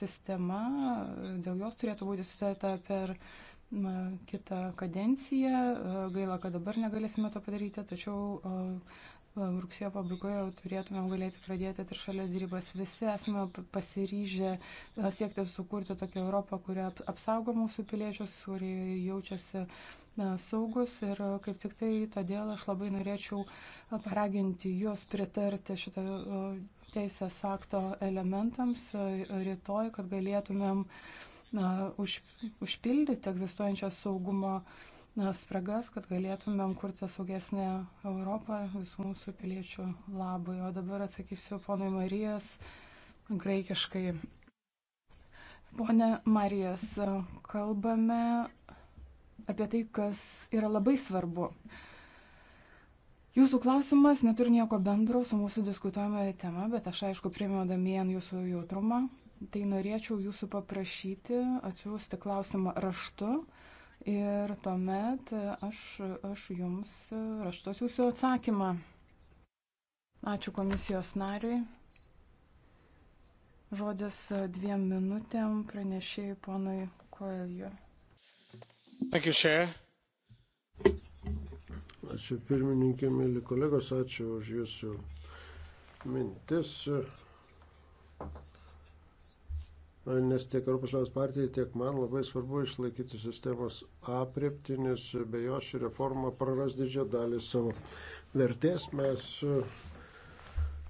sistema, dėl jos turėtų būti sutarta per kitą kadenciją. Gaila, kad dabar negalėsime to padaryti, tačiau rugsėjo pabaigoje turėtumėm galėti pradėti trišalės dėrybas. Visi esame pasiryžę siekti sukurti tokią Europą, kuri apsaugo mūsų piliečius, kuri jaučiasi saugus ir kaip tik tai todėl aš labai norėčiau paraginti juos pritarti šitą, teisės akto elementams e, rytoj, kad galėtumėm na, už, užpildyti egzistuojančias saugumo na, spragas, kad galėtumėm kurti saugesnę Europą visų mūsų piliečių labui. O dabar atsakysiu ponui Marijas graikiškai. Pone Marijas, kalbame apie tai, kas yra labai svarbu. Uh, Jūsų klausimas neturi nieko bendro su mūsų diskutuojama tema, bet aš aišku, priemiau damien jūsų jautrumą, tai norėčiau jūsų paprašyti atsiųsti klausimą raštu ir tuomet aš, aš jums raštos jūsų atsakymą. Ačiū komisijos nariui. Žodis dviem minutėm pranešėjai ponui Koeliu. Thank you, Chair. Ačiū pirmininkė, mėly kolegos, ačiū už jūsų mintis. Nes tiek Europos Liaudės partijai, tiek man labai svarbu išlaikyti sistemos apriepti, nes be jo ši reforma praras didžią dalį savo vertės. Mes e,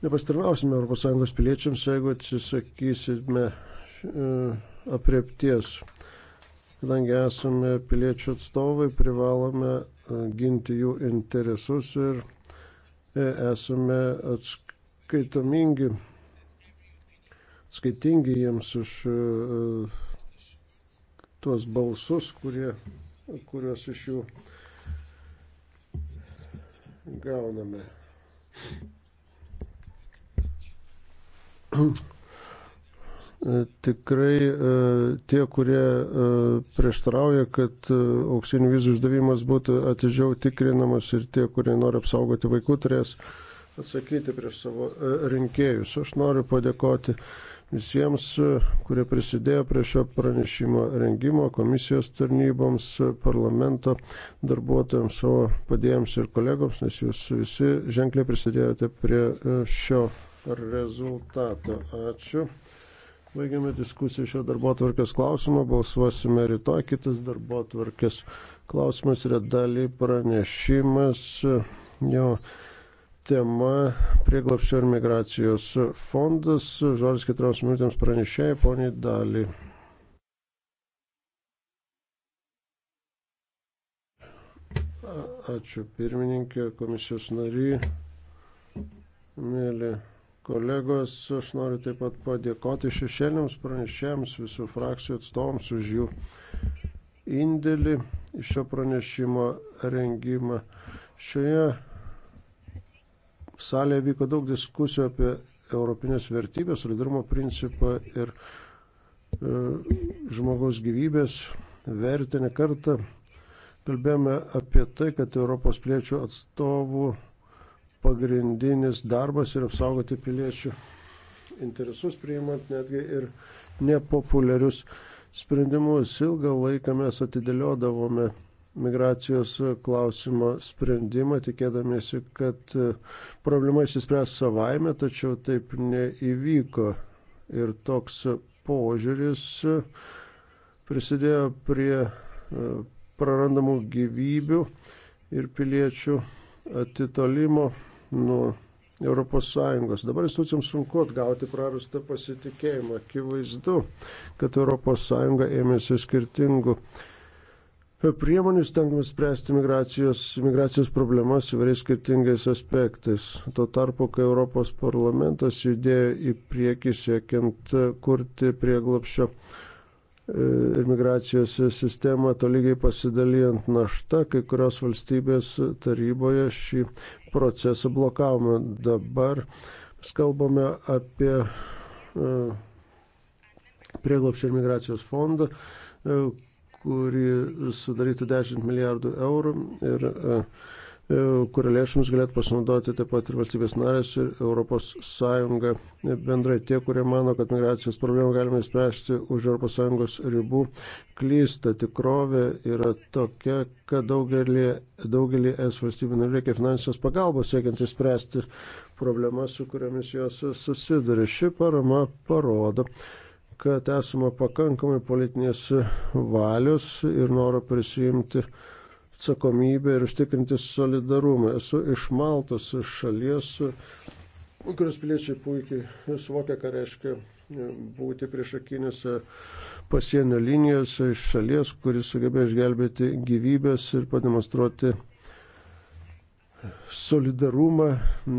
nepastarnausime ES piliečiams, jeigu atsisakysime e, apriepties. Kadangi esame piliečių atstovai, privalome ginti jų interesus ir e, esame atskaitomingi, atskaitingi jiems už e, tuos balsus, kurie, kuriuos iš jų gauname. E, tikrai e, tie, kurie e, prieštarauja, kad auksinių vizų išdavimas būtų atidžiau tikrinamas ir tie, kurie nori apsaugoti vaikų, turės atsakyti prieš savo rinkėjus. Aš noriu padėkoti visiems, kurie prisidėjo prie šio pranešimo rengimo, komisijos tarnyboms, parlamento darbuotojams, savo padėjams ir kolegoms, nes jūs visi ženkliai prisidėjote prie šio rezultato. Ačiū. Baigiame diskusiją šio darbo tvarkės klausimo, balsuosime rytoj. Kitas darbo tvarkės klausimas yra daly pranešimas, jo tema prieglapščio ir migracijos fondas. Žodis keturioms minutėms pranešėjai, poniai daly. Ačiū pirmininkė, komisijos nariai, mėly Kolegos, aš noriu taip pat padėkoti šešėliams pranešėjams, visų frakcijų atstovams už jų indėlį į šio pranešimo rengimą. Šioje salėje vyko daug diskusijų apie europinės vertybės, solidarumo principą ir e, žmogaus gyvybės vertinę kartą. Kalbėjome apie tai, kad Europos pliečių atstovų pagrindinis darbas yra apsaugoti piliečių interesus, priimant netgi ir nepopuliarius sprendimus. Ilgą laiką mes atidėliodavome migracijos klausimo sprendimą, tikėdamėsi, kad problema išsispręs savaime, tačiau taip neįvyko. Ir toks požiūris prisidėjo prie e, prarandamų gyvybių ir piliečių atitolimo nuo ES. Dabar institucijams sunku atgauti prarastą pasitikėjimą. Akivaizdu, kad ES ėmėsi skirtingų priemonių stengiamas spręsti migracijos, migracijos problemas įvairiais skirtingais aspektais. Tuo tarpu, kai Europos parlamentas judėjo į priekį siekiant kurti prieglopščio E, ir migracijos sistemą, tolygiai pasidalijant naštą, kai kurios valstybės taryboje šį procesą blokavome. Dabar mes kalbame apie e, prieglopščio ir migracijos fondą, e, kurį sudarytų 10 milijardų eurų ir E, kurio lėšomis galėtų pasinaudoti taip pat ir valstybės narės ir ES bendrai. Tie, kurie mano, kad migracijos problemą galime spręsti už ES ribų, klysta. Tikrovė yra tokia, kad daugelį, daugelį es valstybių nereikia finansinės pagalbos siekiant įspręsti problemas, su kuriamis jos susiduria. Ši parama parodo kad esame pakankamai politinės valios ir noro prisijimti uh, atsakomybę ir užtikrinti solidarumą. Esu iš Maltos, iš šalies, kurios piliečiai puikiai suvokia, ką reiškia e, būti priešakinėse pasienio linijose iš šalies, kuris sugebėjo išgelbėti gyvybės ir pademonstruoti solidarumą,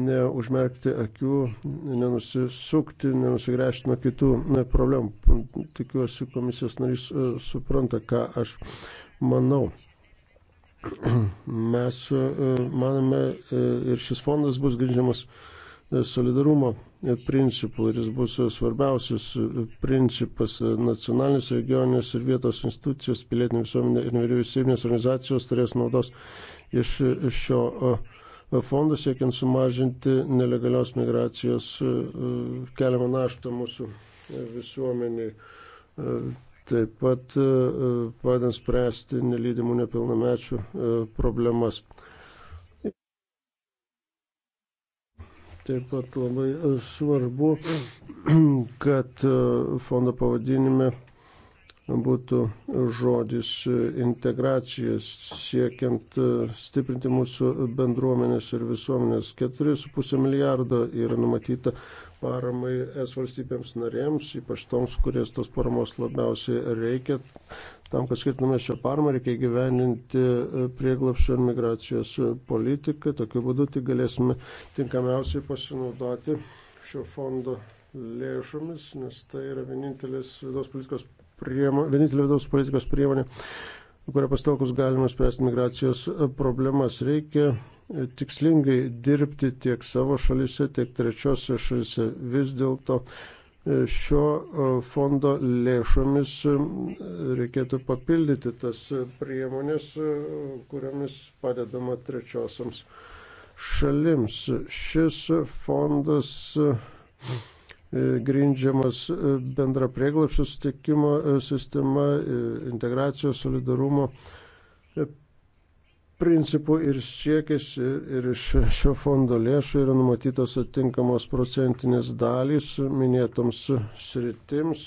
neužmerkti akių, nenusisukti, nenusigręžti nuo kitų ne, problemų. Tikiuosi, komisijos narys e, supranta, ką aš manau. Mes e, manome e, ir šis fondas bus grindžiamas e, solidarumo principų ir jis bus svarbiausias principas nacionalinis, regioninis ir vietos institucijos, pilietinė visuomenė ir nevyriausybinės organizacijos turės naudos iš šio fondo siekiant sumažinti nelegalios migracijos keliamą naštą mūsų visuomeniai. Taip pat e, e, padant spręsti nelydimų nepilnamečių e, problemas. Taip pat labai svarbu, kad fondo pavadinime būtų žodis integracija siekiant stiprinti mūsų bendruomenės ir visuomenės. 4,5 milijardo yra numatyta paramai es valstybėms narėms, ypač toms, kurias tos paramos labiausiai reikia. Tam, kad skirtume šią paramą, reikia gyveninti e, prieglapščio ir migracijos politiką. Tokiu būdu tik galėsime tinkamiausiai pasinaudoti šio fondo lėšomis, nes tai yra vienintelis vidaus politikos priemonė, vienintelė vidaus politikos priemonė, kurią pastelkus galima spręsti migracijos problemas. Reikia tikslingai dirbti tiek savo šalise, tiek trečiose šalise. Vis dėlto e, šio e, fondo lėšomis e, reikėtų papildyti tas priemonės, kuriamis padedama trečiosiams šalims. Šis fondas grindžiamas bendra prieglapšio sutikimo sistema, integracijos solidarumo principų ir siekis ir iš šio fondo lėšų yra numatytos atitinkamos procentinės dalys minėtoms sritims,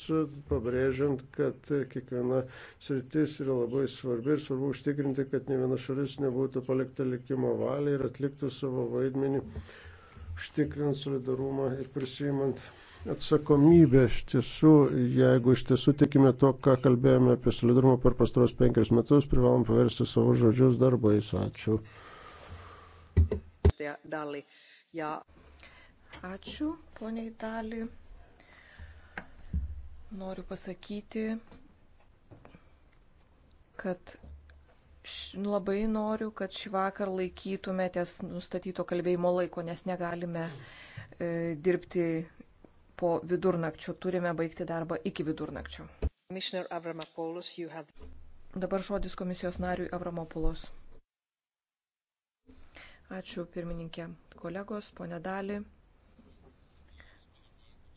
pabrėžiant, kad kiekviena sritis yra labai svarbi ir svarbu užtikrinti, kad ne viena šalis nebūtų palikta likimo valiai ir atliktų savo vaidmenį, užtikrint solidarumą ir prisimant atsakomybė iš tiesų, jeigu iš tiesų tikime to, ką kalbėjome apie solidarumą per pastaros penkerius metus, privalom paversti savo žodžius darbais. Ačiū. Ačiū, poniai Dali. Noriu pasakyti, kad labai noriu, kad šį vakar laikytumėtės nustatyto kalbėjimo laiko, nes negalime e, dirbti po vidurnakčio. Turime baigti darbą iki vidurnakčio. Have... Dabar žodis komisijos nariui Avramopulos. Ačiū pirmininkė, kolegos, ponė Dali.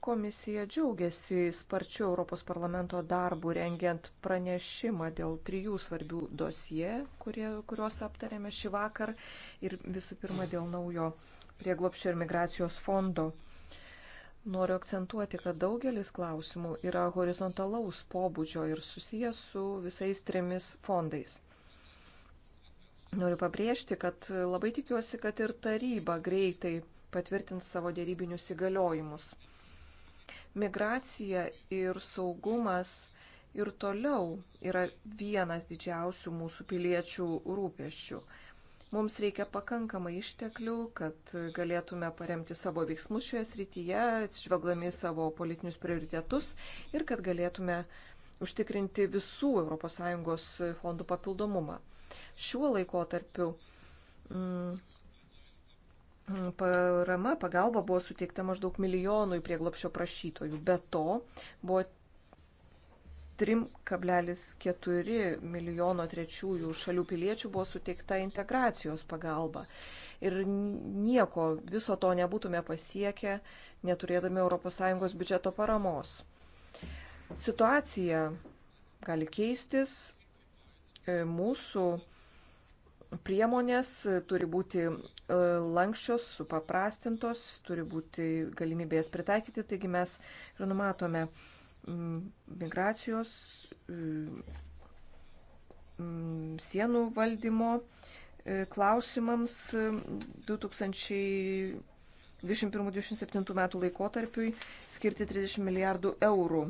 Komisija džiaugiasi sparčiu Europos parlamento darbu rengiant pranešimą dėl trijų svarbių dosie, kurie, kuriuos aptarėme šį vakar ir visų pirma dėl naujo prieglopščio ir migracijos fondo. Noriu akcentuoti, kad daugelis klausimų yra horizontalaus pobūdžio ir susijęs su visais trimis fondais. Noriu pabrėžti, kad labai tikiuosi, kad ir taryba greitai patvirtins savo dėrybinius įgaliojimus. Migracija ir saugumas ir toliau yra vienas didžiausių mūsų piliečių rūpeščių. Mums reikia pakankamai išteklių, kad galėtume paremti savo veiksmus šioje srityje, atsižvelgdami savo politinius prioritetus ir kad galėtume užtikrinti visų ES fondų papildomumą. Šiuo laikotarpiu mm, parama, pagalba buvo suteikta maždaug milijonui prieglopšio prašytojų. Be to buvo 3,4 milijono trečiųjų šalių piliečių buvo suteikta integracijos pagalba. Ir nieko viso to nebūtume pasiekę, neturėdami ES biudžeto paramos. Situacija gali keistis, e, mūsų priemonės turi būti e, lankščios, supaprastintos, turi būti galimybės pritaikyti, taigi mes ir numatome Mm, migracijos, mm, mm, sienų valdymo e, klausimams 2021-2027 metų laikotarpiui skirti 30 milijardų eurų.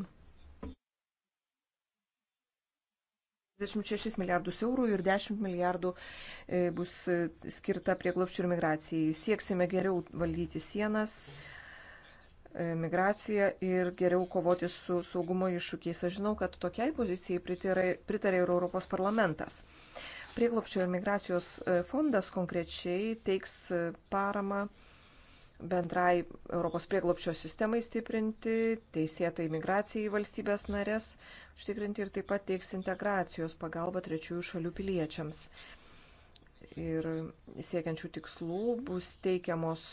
26 milijardus eurų ir 10 milijardų e, bus e, skirta prieglopščių ir migracijai. Sieksime geriau valdyti sienas, migraciją ir geriau kovoti su saugumo iššūkiais. Aš žinau, kad tokiai pozicijai pritarė ir Europos parlamentas. Prieglopčio ir migracijos e, fondas konkrečiai teiks e, paramą bendrai Europos prieglopčio sistemai stiprinti, teisėtai migracijai į valstybės narės, užtikrinti ir taip pat teiks integracijos pagalba trečiųjų šalių piliečiams ir siekiančių tikslų bus teikiamos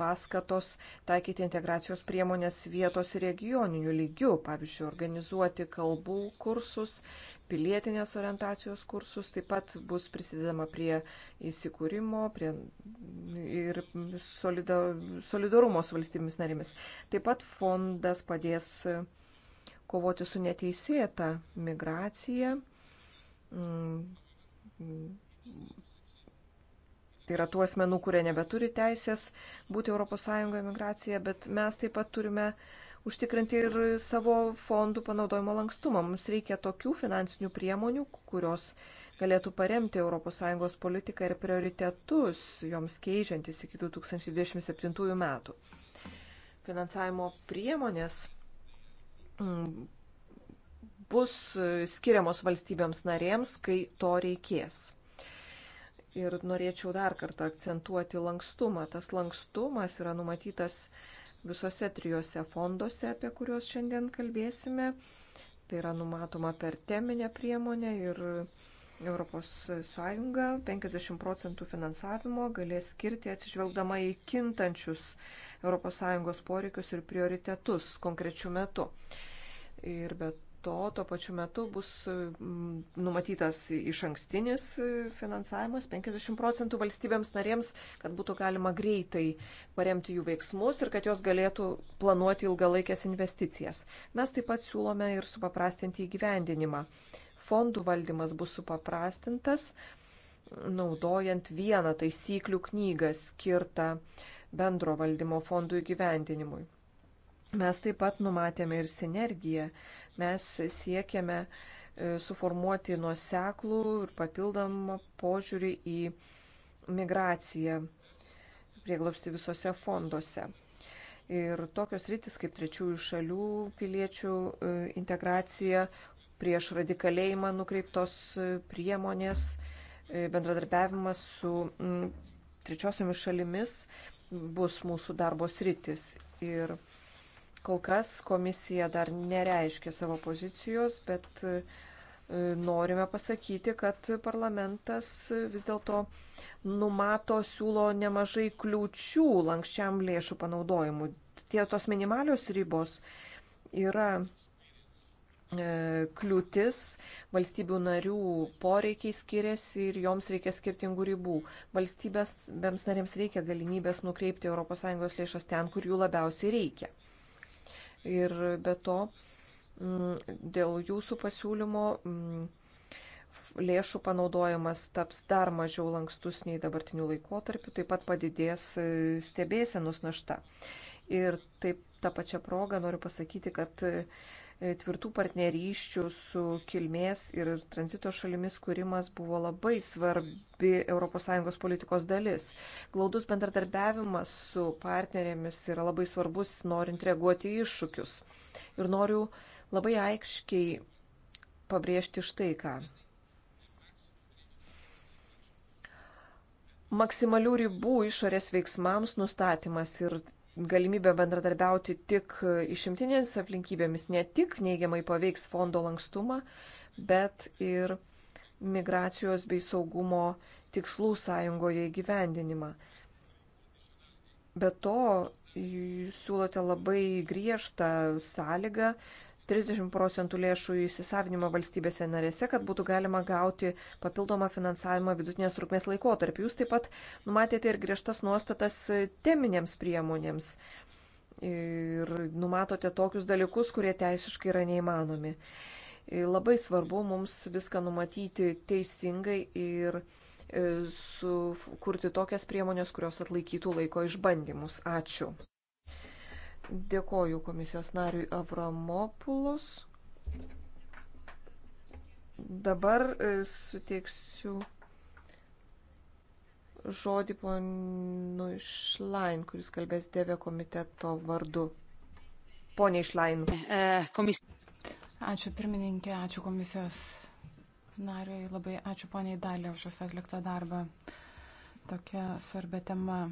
paskatos taikyti integracijos priemonės vietos ir regioninių lygių, pavyzdžiui, organizuoti kalbų kursus, pilietinės orientacijos kursus, taip pat bus prisidedama prie įsikūrimo prie ir solidarumo su valstybėmis narėmis. Taip pat fondas padės kovoti su neteisėta migracija Tai yra tų asmenų, kurie nebeturi teisės būti ES migracija, bet mes taip pat turime užtikrinti ir savo fondų panaudojimo lankstumą. Mums reikia tokių finansinių priemonių, kurios galėtų paremti ES politiką ir prioritetus joms keičiantis iki 2027 metų. Finansavimo priemonės mm, bus skiriamos valstybėms narėms, kai to reikės. Ir norėčiau dar kartą akcentuoti lankstumą. Tas lankstumas yra numatytas visose trijose fonduose, apie kuriuos šiandien kalbėsime. Tai yra numatoma per teminę priemonę ir ES 50 procentų finansavimo galės skirti atsižvelgdama į kintančius ES poreikius ir prioritetus konkrečių metų. Ir bet to tuo pačiu metu bus mm, numatytas iš ankstinis finansavimas 50 procentų valstybėms narėms, kad būtų galima greitai paremti jų veiksmus ir kad jos galėtų planuoti ilgalaikės investicijas. Mes taip pat siūlome ir supaprastinti įgyvendinimą. Fondų valdymas bus supaprastintas, naudojant vieną taisyklių knygą skirtą bendro valdymo fondų įgyvendinimui. Mes taip pat numatėme ir sinergiją Mes siekiame e, suformuoti nuoseklų ir papildomą požiūrį į migraciją prieglopsti visose fonduose. Ir tokios rytis kaip trečiųjų šalių piliečių e, integracija, prieš radikalėjimą nukreiptos e, priemonės, bendradarbiavimas su trečiosiomis šalimis bus mūsų darbos rytis. Ir Kol kas komisija dar nereiškia savo pozicijos, bet e, norime pasakyti, kad parlamentas vis dėlto numato, siūlo nemažai kliūčių lankščiam lėšų panaudojimui. Tie tos minimalios ribos yra e, kliūtis, valstybių narių poreikiai skiriasi ir joms reikia skirtingų ribų. Valstybės bems narėms reikia galimybės nukreipti ES lėšas ten, kur jų labiausiai reikia ir be to mm, dėl jūsų pasiūlymo mm, lėšų panaudojimas taps dar mažiau lankstus nei dabartiniu laikotarpiu, taip pat padidės e, stebėsenos našta. Ir taip tą pačią progą noriu pasakyti, kad tvirtų partnerysčių su kilmės ir tranzito šalimis kūrimas buvo labai svarbi ES politikos dalis. Glaudus bendradarbiavimas su partnerėmis yra labai svarbus, norint reaguoti į iššūkius. Ir noriu labai aiškiai pabrėžti štai ką. Maksimalių ribų išorės veiksmams nustatymas ir galimybė bendradarbiauti tik išimtinės aplinkybėmis ne tik neigiamai paveiks fondo lankstumą, bet ir migracijos bei saugumo tikslų sąjungoje įgyvendinimą. Be to, siūlote labai griežtą sąlygą 30 procentų lėšų įsisavinimo valstybėse narėse, kad būtų galima gauti papildomą finansavimą vidutinės trukmės laikotarpį. Jūs taip pat numatėte ir griežtas nuostatas teminėms priemonėms ir numatote tokius dalykus, kurie teisiškai yra neįmanomi. Labai svarbu mums viską numatyti teisingai ir e, sukurti tokias priemonės, kurios atlaikytų laiko išbandymus. Ačiū. Dėkoju komisijos nariui Avramopulus. Dabar e, suteiksiu žodį ponui Šlain, kuris kalbės Dėvė komiteto vardu. Pone Šlain. E, ačiū pirmininkė, ačiū komisijos nariui, labai ačiū poniai Dalė už jos atliktą darbą. Tokia svarbia tema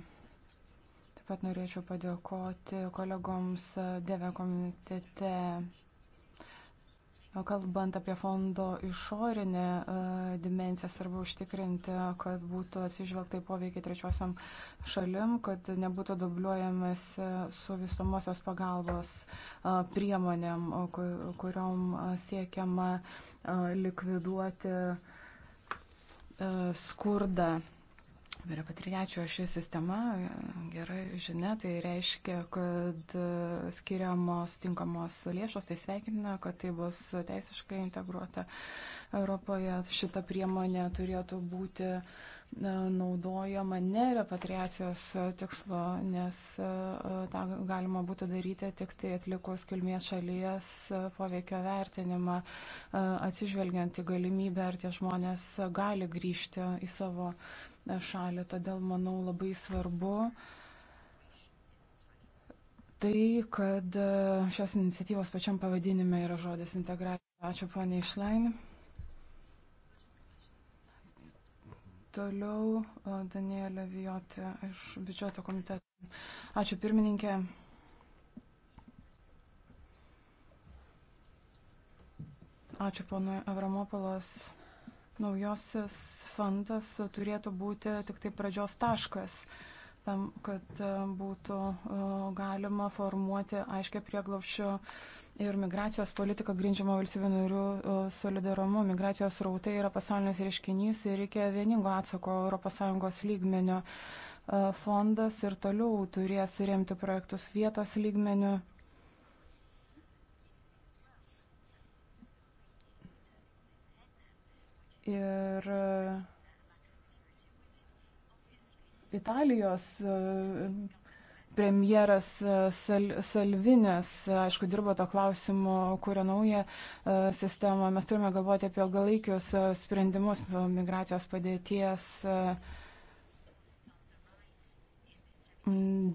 pat norėčiau padėkoti kolegoms Deve komitete. Kalbant apie fondo išorinę e, dimenciją, svarbu užtikrinti, kad būtų atsižvelgta į poveikį trečiosiam šalim, kad nebūtų dubliuojamas e, su visomosios pagalbos e, priemonėm, kuriom siekiama likviduoti skurdą Vyra patriačio ši sistema, gera žinia, tai reiškia, kad skiriamos tinkamos lėšos, tai sveikinina, kad tai bus teisiškai integruota Europoje. Šita priemonė turėtų būti naudojama ne repatriacijos tikslo, nes e, tą galima būtų daryti tik tai atlikus kilmės šalies poveikio vertinimą, e, atsižvelgiant į galimybę, ar tie žmonės gali grįžti į savo šalį. Todėl, manau, labai svarbu tai, kad e, šios iniciatyvos pačiam pavadinime yra žodis integracija. Ačiū, ponė Išlain. Toliau e, Danielė Vijotė iš biudžeto komiteto. Ačiū, pirmininkė. Ačiū ponui Avramopolos Naujosios fondas turėtų būti tik tai pradžios taškas tam, kad e, būtų e, galima formuoti aiškę prieglaušio ir migracijos politiką grindžiamą valstybių narių e, solidarumu. Migracijos rautai yra pasaulinis reiškinys ir reikia vieningo atsako ES lygmenio. Fondas ir toliau turės remti projektus vietos lygmeniu Ir e, Italijos e, premjeras e, Sal Salvinės, aišku, dirbo to klausimu, kuria naują sistemą. Mes turime galvoti apie ilgalaikius sprendimus migracijos padėties.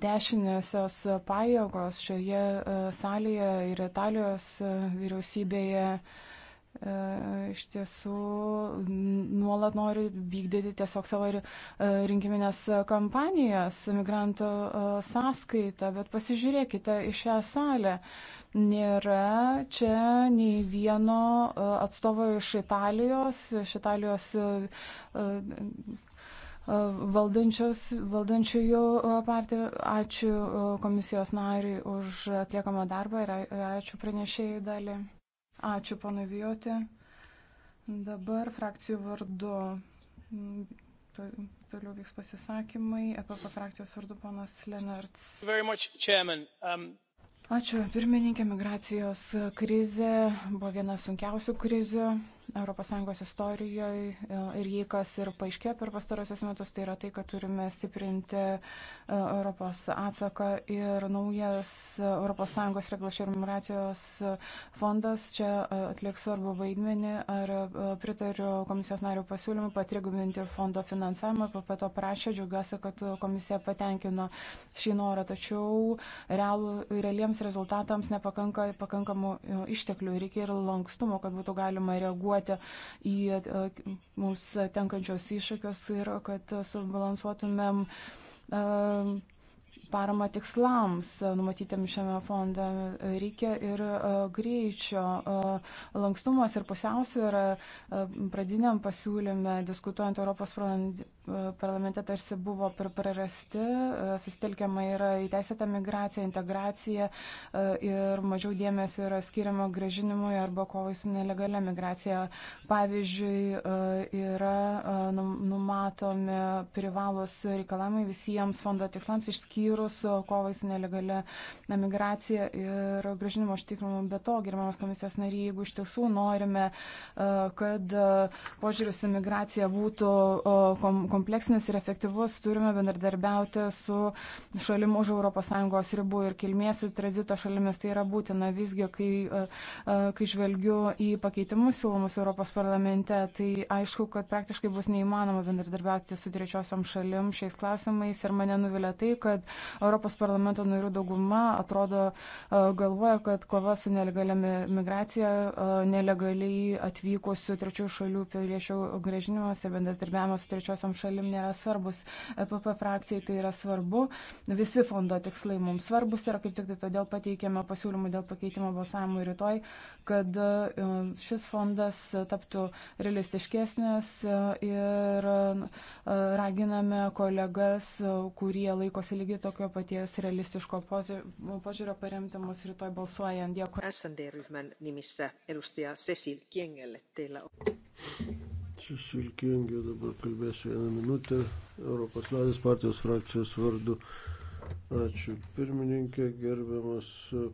Dešiniosios pajėgos šioje salėje ir Italijos vyriausybėje uh, E, iš tiesų nuolat nori vykdyti tiesiog savo e, rinkiminės kampanijas migrantų e, sąskaitą, bet pasižiūrėkite į šią salę. Nėra čia nei vieno atstovo iš Italijos, iš Italijos valdančiųjų partijų. Ačiū komisijos nariui už atliekamą darbą ir ačiū pranešėjai dalį. Ačiū, ponai Vijotė. Dabar frakcijų vardu. Toliau vyks pasisakymai. EPP frakcijos vardu ponas Lenarts. Um, Ačiū. Pirmininkė, migracijos krizė buvo viena sunkiausių krizių ES istorijoje ir jei kas ir paaiškėjo per pastarosius metus, tai yra tai, kad turime stiprinti e, Europos atsaką ir naujas ES reglašio ir migracijos fondas čia e, atliks svarbu vaidmenį. Ar e, pritariu komisijos nario pasiūlymui patriguminti fondo finansavimą, papato prašė, džiugiuosi, kad komisija patenkino šį norą, tačiau realų, realiems rezultatams nepakanka pakankamų išteklių, reikia ir lankstumo, kad būtų galima reaguoti reaguoti į e, mums tenkančios iššūkius ir kad subalansuotumėm e, parama tikslams numatytėm šiame fonde. Reikia ir e, greičio, lankstumas ir pusiausvėra pradiniam pasiūlyme, diskutuojant Europos parlamente tarsi buvo prarasti, e, susitelkiama yra į teisėtą migraciją, integraciją e, ir mažiau dėmesio yra skiriama gražinimui arba kovai su nelegalia migracija. Pavyzdžiui, e, yra numatomi privalos reikalavimai visiems fondo tikslams išskyrus kovai su nelegalia migracija ir gražinimo užtikrimu. Be to, gerbiamas komisijos nariai, jeigu iš tiesų norime, kad požiūris į migraciją būtų kom kompleksinis ir efektyvus, turime bendradarbiauti su šalim už ES ribų ir kilmės ir tranzito šalimis. Tai yra būtina visgi, kai, e, e, kai žvelgiu į pakeitimus siūlomus Europos parlamente, tai aišku, kad praktiškai bus neįmanoma bendradarbiauti su trečiosiam šalim šiais klausimais ir mane nuvilia tai, kad Europos parlamento narių dauguma atrodo e, galvoja, kad kova su nelegalia migracija, nelegaliai atvykusių trečių šalių piliečių grėžinimas ir bendradarbiavimas su trečiosiam šalim šalim nėra svarbus. EPP frakcijai tai yra svarbu. Visi fondo tikslai mums svarbus yra, kaip tik tai todėl pateikėme pasiūlymų dėl pakeitimo balsavimų rytoj, kad e, šis fondas taptų realistiškesnis e, ir e, raginame kolegas, kurie laikosi lygiai tokio paties realistiško požiūrio paremti mus rytoj balsuojant. Dėkui. SND-ryhmän nimissä edustaja Cecil Kiengelle teillä on. Šilkingiu dabar kalbėsiu vieną minutę Europos Liaudės partijos frakcijos vardu. Ačiū pirmininkė, gerbiamas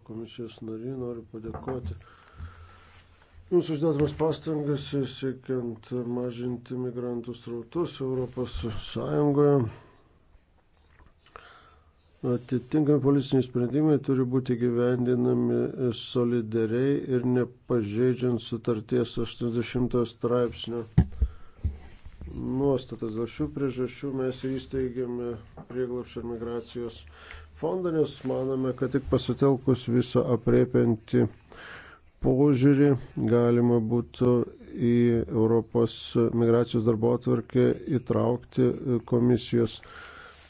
komisijos nariai, noriu padėkoti. Jums uždėtamas pastangas siekiant mažinti migrantų srautus Europos Sąjungoje. Atitinkami policiniai sprendimai turi būti gyvendinami solidariai ir nepažeidžiant sutarties 80 straipsnio nuostatas. Dėl šių priežasčių mes įsteigėme prieglapšio migracijos fondą, nes manome, kad tik pasitelkus visą apriepiantį požiūrį galima būtų į Europos migracijos darbo atvarkę įtraukti komisijos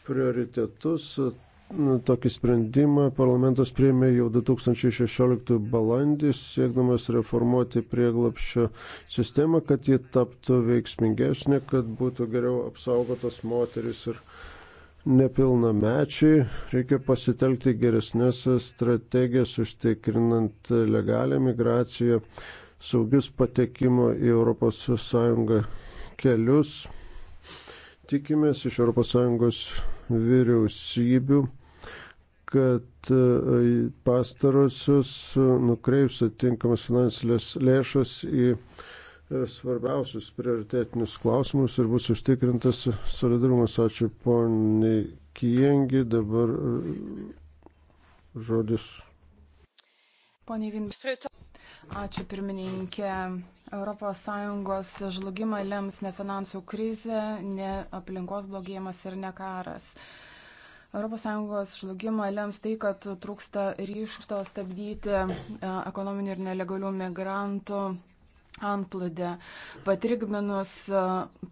prioritetus, Tokį sprendimą parlamentas priėmė jau 2016 balandį, siekdamas reformuoti prieglapščio sistemą, kad ji taptų veiksmingesnė, kad būtų geriau apsaugotas moteris ir nepilnamečiai. Reikia pasitelkti geresnės strategijas, užtikrinant legalią migraciją, saugius patekimo į ES kelius. Tikimės iš ES vyriausybių, kad e, pastarosius nukreips atitinkamas finansinės lėšas į e, svarbiausius prioritetinius klausimus ir bus užtikrintas solidarumas. Ačiū poniai Kijengi, dabar e, žodis. Pone Vin, ačiū pirmininkė. ES žlugimą lems ne finansų krizė, ne aplinkos blogėjimas ir ne karas. ES žlugimą lems tai, kad trūksta ryšto stabdyti e, ekonominių ir nelegalių migrantų antplūdė, patrigminus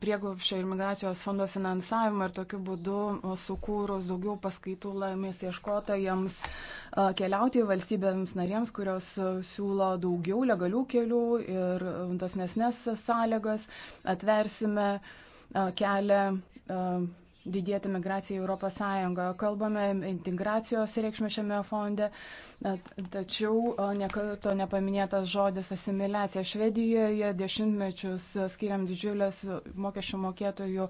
prieglopščio ir migracijos fondo finansavimą ir tokiu būdu sukūrus daugiau paskaitų laimės ieškotojams keliauti į valstybėms narėms, kurios siūlo daugiau legalių kelių ir dosnesnės sąlygas, atversime kelią didėti migracijai Europos Sąjungoje. Kalbame integracijos reikšmę šiame fonde, tačiau nekarto nepaminėtas žodis asimiliacija. Švedijoje dešimtmečius skiriam didžiulės mokesčių mokėtojų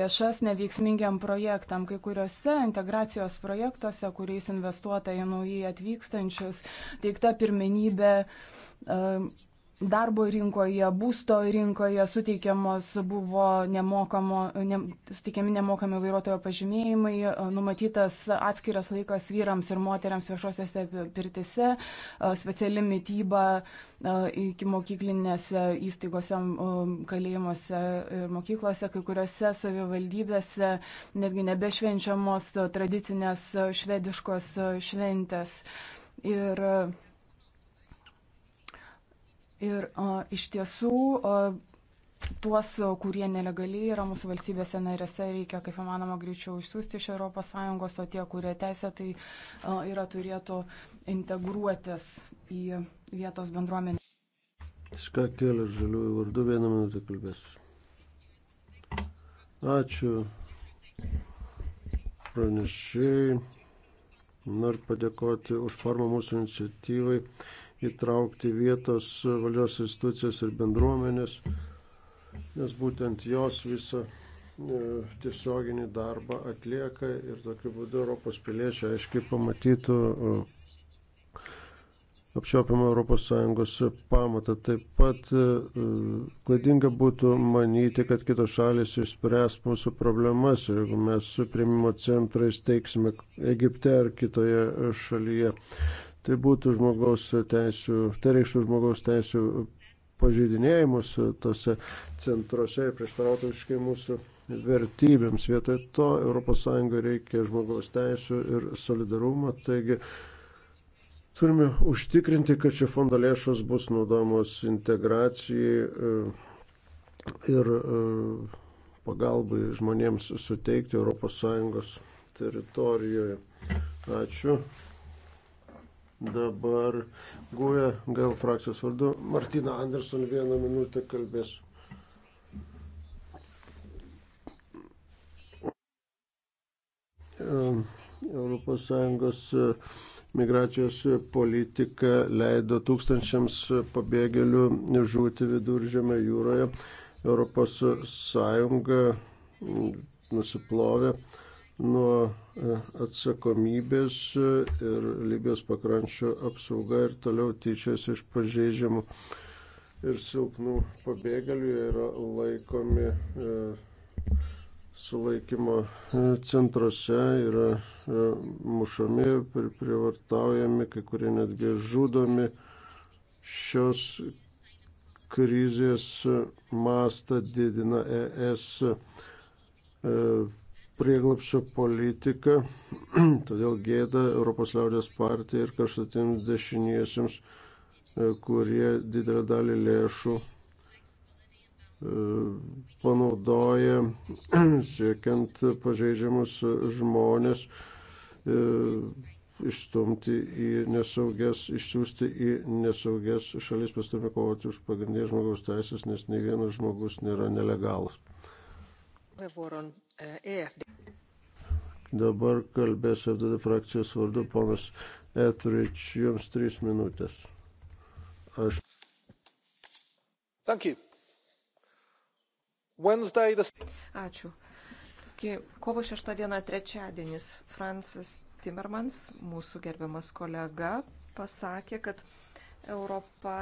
lėšas neveiksmingiam projektam. Kai kuriuose integracijos projektuose, kuriais investuota į naujai atvykstančius, teikta pirmenybė darbo rinkoje, būsto rinkoje suteikiamos buvo nemokamo, ne, suteikiami nemokami vairuotojo pažymėjimai, e, numatytas atskiras laikas vyrams ir moteriams viešuosiuose pirtise, e, speciali mytyba e, iki mokyklinėse įstaigose, kalėjimuose ir mokyklose, kai kuriuose savivaldybėse netgi nebešvenčiamos tradicinės švediškos šventės. Ir Ir o, iš tiesų. O, tuos, kurie nelegaliai yra mūsų valstybėse narėse, reikia kaip įmanoma greičiau išsiųsti iš ES, o tie, kurie teisė, tai yra turėtų integruotis į vietos bendruomenę. Ką kelias žaliųjų vardu vieną minutę kalbės. Ačiū pranešėjai. Noriu padėkoti už formą mūsų iniciatyvai įtraukti vietos valios institucijas ir bendruomenės, nes būtent jos visą e, tiesioginį darbą atlieka ir tokiu būdu Europos piliečiai aiškiai pamatytų e, apčiopiamą ES pamatą. Taip pat e, klaidinga būtų manyti, kad kitos šalis išspręs mūsų problemas, jeigu mes su priimimo centrais teiksime Egipte ar kitoje šalyje tai būtų žmogaus teisų, tai reikštų žmogaus teisų pažeidinėjimus tose centruose ir prieštarautų iškai mūsų vertybėms. Vietoj to ES reikia žmogaus teisų ir solidarumo. Taigi turime užtikrinti, kad šio fondo lėšos bus naudojamos integracijai e, ir e, pagalbai žmonėms suteikti ES teritorijoje. Ačiū. Dabar Guja, gal frakcijos vardu, Martina Anderson vieną minutę kalbės. ES e, migracijos politika leido tūkstančiams pabėgėlių žūti viduržėme jūroje. ES nusiplovė nuo e, atsakomybės e, ir Libijos pakrančio apsauga ir toliau tyčias iš pažeidžiamų ir silpnų pabėgėlių yra laikomi e, sulaikymo centruose, yra mušami, privartaujami, kai kurie netgi žudomi. Šios krizės mastą didina ES prieglapščio politiką, todėl gėda Europos liaudės partija ir kažkokiems dešiniesiems, e, kurie didelę dalį lėšų e, panaudoja siekiant pažeidžiamus žmonės e, išstumti į nesaugias, išsiųsti į nesaugias šalis, pastumė kovoti už pagrindinės žmogaus teisės, nes nei vienas žmogus nėra nelegalas. Eh, e Dabar kalbės FDD frakcijos vardu ponas Etrič, jums trys minutės. Aš. Thank you. Wednesday the... Ačiū. Kovo 6 diena trečiadienis Francis Timmermans, mūsų gerbiamas kolega, pasakė, kad Europa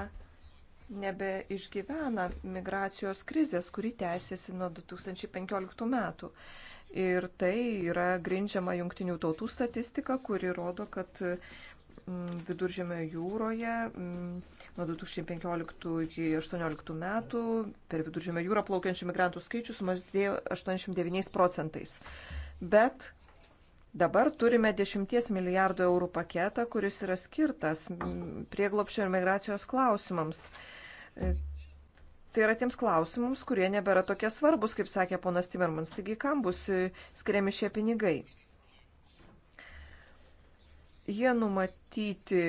nebeišgyvena migracijos krizės, kuri tęsiasi nuo 2015 metų. Ir tai yra grindžiama jungtinių tautų statistika, kuri rodo, kad mm, viduržėmio jūroje mm, nuo 2015 iki 2018 metų per viduržėmio jūrą plaukiančių migrantų skaičius sumažėjo 89 procentais. Bet Dabar turime 10 milijardų eurų paketą, kuris yra skirtas mm, prieglopščio ir migracijos klausimams. E, tai yra tiems klausimams, kurie nebėra tokie svarbus, kaip sakė ponas Timermans. Taigi, kam bus e, skiriami šie pinigai? Jie numatyti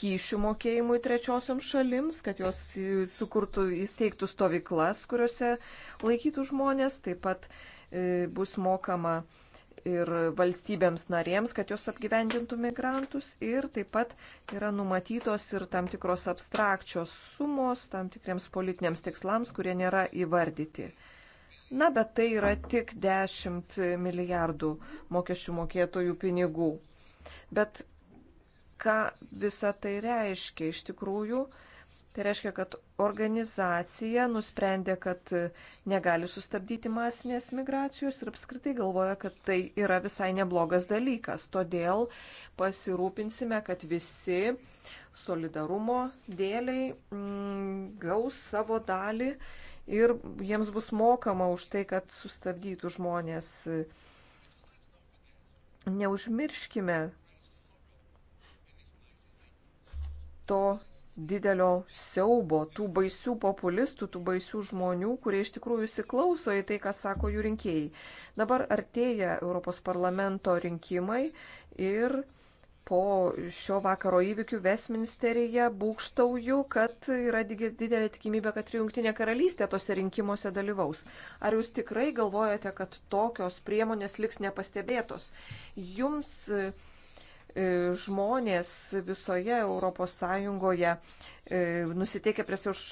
kyšių mokėjimui trečiosiam šalims, kad jos e, sukurtų, įsteigtų stovyklas, kuriuose laikytų žmonės, taip pat bus mokama ir valstybėms narėms, kad jos apgyvendintų migrantus ir taip pat yra numatytos ir tam tikros abstrakčios sumos tam tikriems politiniams tikslams, kurie nėra įvardyti. Na, bet tai yra tik 10 milijardų mokesčių mokėtojų pinigų. Bet ką visa tai reiškia iš tikrųjų? Tai reiškia, kad organizacija nusprendė, kad negali sustabdyti masinės migracijos ir apskritai galvoja, kad tai yra visai neblogas dalykas. Todėl pasirūpinsime, kad visi solidarumo dėliai m, mm, gaus savo dalį ir jiems bus mokama už tai, kad sustabdytų žmonės. Neužmirškime to didelio siaubo, tų baisių populistų, tų baisių žmonių, kurie iš tikrųjų įsiklauso į tai, ką sako jų rinkėjai. Dabar artėja Europos parlamento rinkimai ir po šio vakaro įvykių Westminsteryje būkštauju, kad yra didelė tikimybė, kad ir Junktinė karalystė tose rinkimuose dalyvaus. Ar jūs tikrai galvojate, kad tokios priemonės liks nepastebėtos? Jums uh, E, žmonės visoje ES e, nusiteikę prieš ES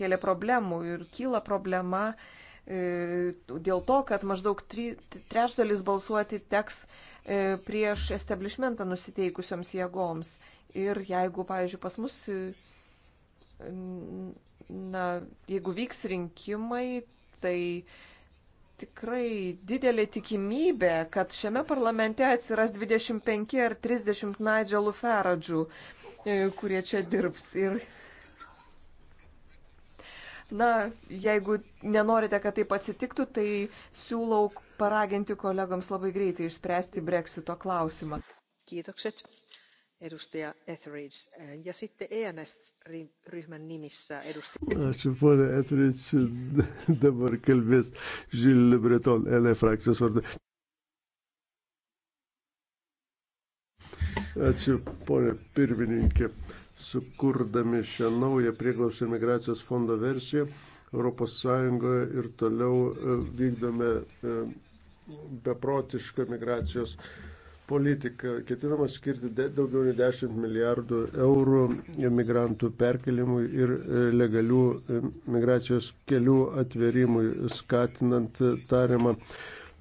kėlė problemų ir kyla problema e, dėl to, kad maždaug trečdalis balsuoti teks prieš establishmentą nusiteikusioms jėgoms. Ir jeigu, pavyzdžiui, pas mus, na, jeigu vyks rinkimai, tai tikrai didelė tikimybė, kad šiame parlamente atsiras 25 ar 30 Nigelų Feradžių, kurie čia dirbs. Ir Na, jeigu nenorite, kad taip atsitiktų, tai siūlau paraginti kolegams labai greitai išspręsti breksito klausimą. Kiitokset, edustaja Etheridge. Ja sitten ENF ryhmän nimissä edustaja. Ačiū, ponė Etrič, dabar kalbės Žilė Breton, LE frakcijos vardu. Ačiū, ponė pirmininkė. Sukurdami šią naują prieglaušio migracijos fondo versiją, ES ir toliau e, vykdome e, beprotišką migracijos uh, politiką. Ketinama skirti daugiau nei 10 milijardų eurų migrantų perkelimui ir e, legalių e, migracijos kelių atverimui, skatinant tariamą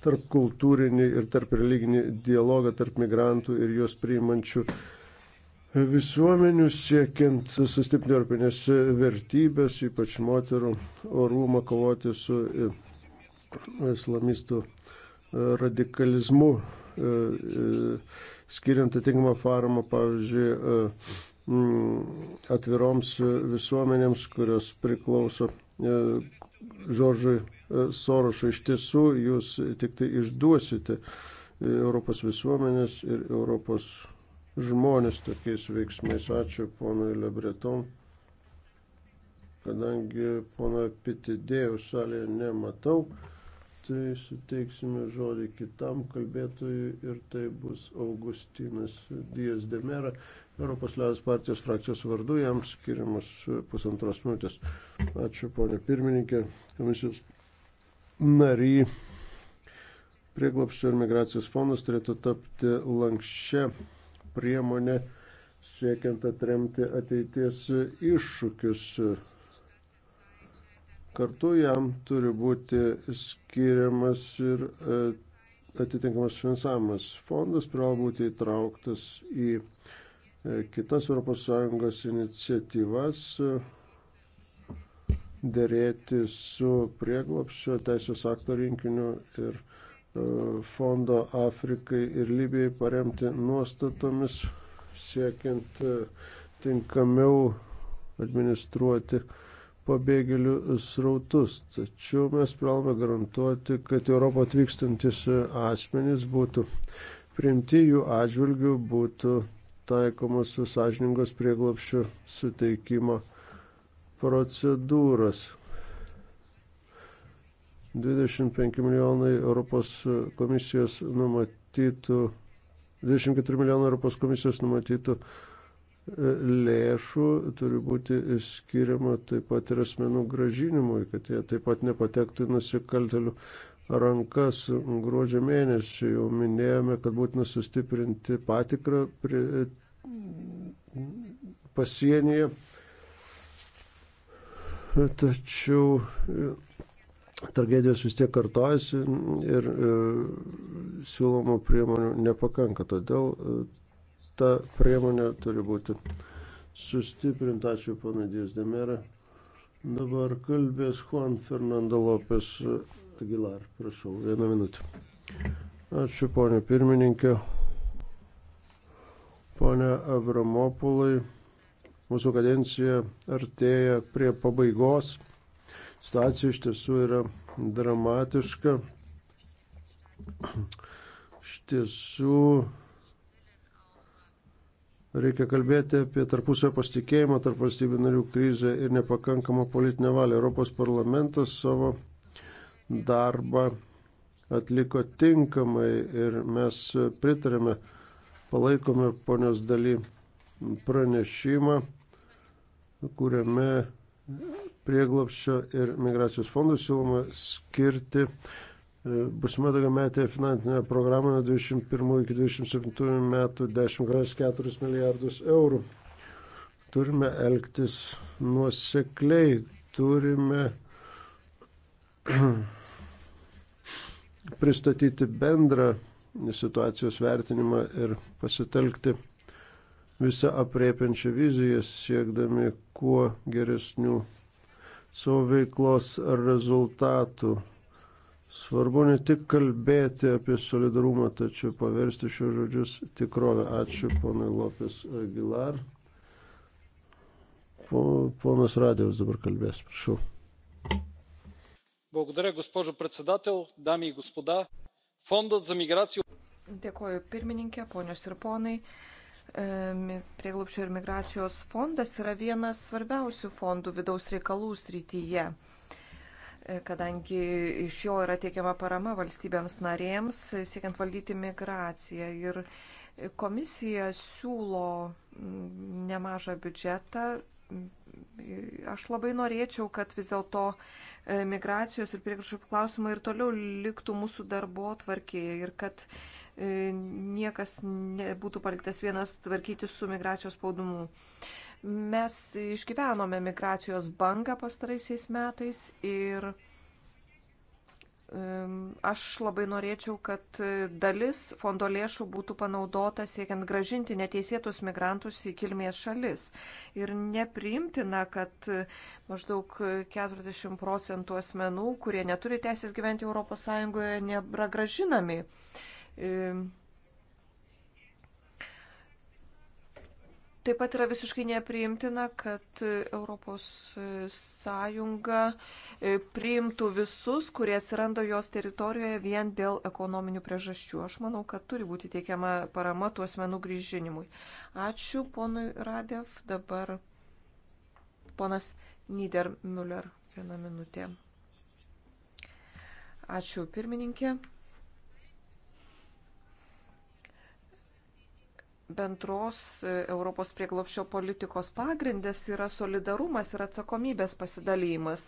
tarp kultūrinį ir tarp religinį dialogą tarp migrantų ir juos priimančių visuomenių siekiant sustiprinti europinės vertybės, ypač moterų orumą kovoti su e, islamistų radikalizmu E, e, skiriant atitinkamą paramą, pavyzdžiui, e, mm, atviroms visuomenėms, kurios priklauso Žoržui Sorošui. Iš tiesų, jūs tik tai išduosite Europos visuomenės ir Europos žmonės tokiais veiksmais. Ačiū ponui Lebreton. Kadangi pono Pitidėjų salėje nematau, tai suteiksime žodį kitam kalbėtojui ir tai bus Augustinas Dijas Demera, Europos Liaudės partijos frakcijos vardu, jam skiriamas pusantros minutės. Ačiū, ponė pirmininkė, komisijos nary. Prieglopščio ir migracijos fondas turėtų tapti lankščia priemonė siekiant atremti ateities iššūkius Kartu jam turi būti skiriamas ir e, atitinkamas finansavimas. Fondas privalo būti įtrauktas į e, kitas ES iniciatyvas e, dėrėti su prieglopščio teisės akto rinkiniu ir fondo Afrikai ir Libijai paremti nuostatomis siekiant tinkamiau administruoti uh, pabėgėlių srautus. Tačiau mes privalome garantuoti, kad Europą atvykstantis asmenys būtų priimti jų atžvilgių, būtų taikomos sąžiningos prieglopščių suteikimo procedūros. 25 milijonai Europos komisijos numatytų, 24 milijonai Europos komisijos numatytų uh, lėšų turi būti skiriama taip pat ir asmenų gražinimui, kad jie taip pat nepatektų į nusikaltelių rankas. Gruodžio mėnesį jau minėjome, kad būtina sustiprinti patikrą prie, pasienyje. Tačiau e, tragedijos vis tiek kartojasi ir e, siūlomų priemonių nepakanka. Todėl e, ta priemonė turi būti sustiprinta. Ačiū, pana Diezdemera. Dabar kalbės Juan Fernando Lopes Aguilar. Prašau, vieną minutę. Ačiū, ponė pirmininkė. Pone Avramopulai, mūsų kadencija artėja prie pabaigos. Stacija iš tiesų yra dramatiška. Iš tiesų Reikia kalbėti apie tarpusio pasitikėjimą tarp valstybių narių krizę ir nepakankamą politinę valią. Europos parlamentas savo darbą atliko tinkamai ir mes pritarėme, palaikome ponios daly pranešimą, kuriame prieglopščio ir migracijos fondų siūloma skirti E, Busime daugiametėje finansinėje programoje 21 iki 27 metų 10,4 milijardus eurų. Turime elgtis nuosekliai, turime pristatyti bendrą situacijos vertinimą ir pasitelkti visą apriepiančią viziją, siekdami kuo geresnių savo veiklos rezultatų Svarbu ne tik kalbėti apie solidarumą, tačiau paversti šios žodžius tikrovę. Ačiū ponui Lopės Aguilar. Ponas Radėvas dabar kalbės, prašau. Благодаря, госпожо председател, дами и господа. Фондът за миграция. Dėkoju pirmininkė, ponios ir ponai. Prieglupščio ir migracijos fondas yra vienas svarbiausių fondų vidaus reikalų srityje. E, kadangi iš jo yra teikiama parama valstybėms narėms, siekiant valdyti migraciją. Ir komisija siūlo mm, nemažą biudžetą. Aš labai norėčiau, kad vis dėlto e, migracijos ir priekaišų klausimai ir toliau liktų mūsų darbo tvarkėje ir kad e, niekas nebūtų paliktas vienas tvarkyti su migracijos spaudimu. Mes išgyvenome migracijos bangą pastaraisiais metais ir aš labai norėčiau, kad dalis fondo lėšų būtų panaudota siekiant gražinti neteisėtus migrantus į kilmės šalis. Ir nepriimtina, kad maždaug 40 procentų asmenų, kurie neturi teisės gyventi ES, nėra gražinami. Taip pat yra visiškai nepriimtina, kad ES e, priimtų visus, kurie atsiranda jos teritorijoje vien dėl ekonominių priežasčių. Aš manau, kad turi būti teikiama parama tų asmenų grįžinimui. Ačiū ponui Radev. Dabar ponas Niedermüller. Viena minutė. Ačiū pirmininkė. bendros e, Europos prieglopščio politikos pagrindas yra solidarumas ir atsakomybės pasidalymas.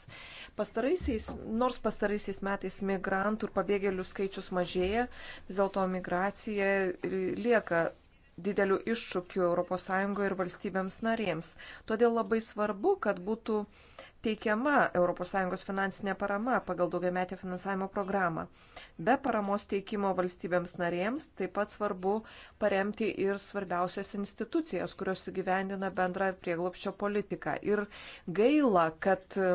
Pastaraisiais, nors pastaraisiais metais migrantų ir pabėgėlių skaičius mažėja, vis dėlto migracija lieka dideliu iššūkiu ES ir valstybėms narėms. Todėl labai svarbu, kad būtų uh, teikiama ES finansinė parama pagal daugiametę finansavimo programą. Be paramos teikimo valstybėms narėms taip pat svarbu paremti ir svarbiausias institucijas, kurios įgyvendina bendrą prieglopščio politiką. Ir gaila, kad e,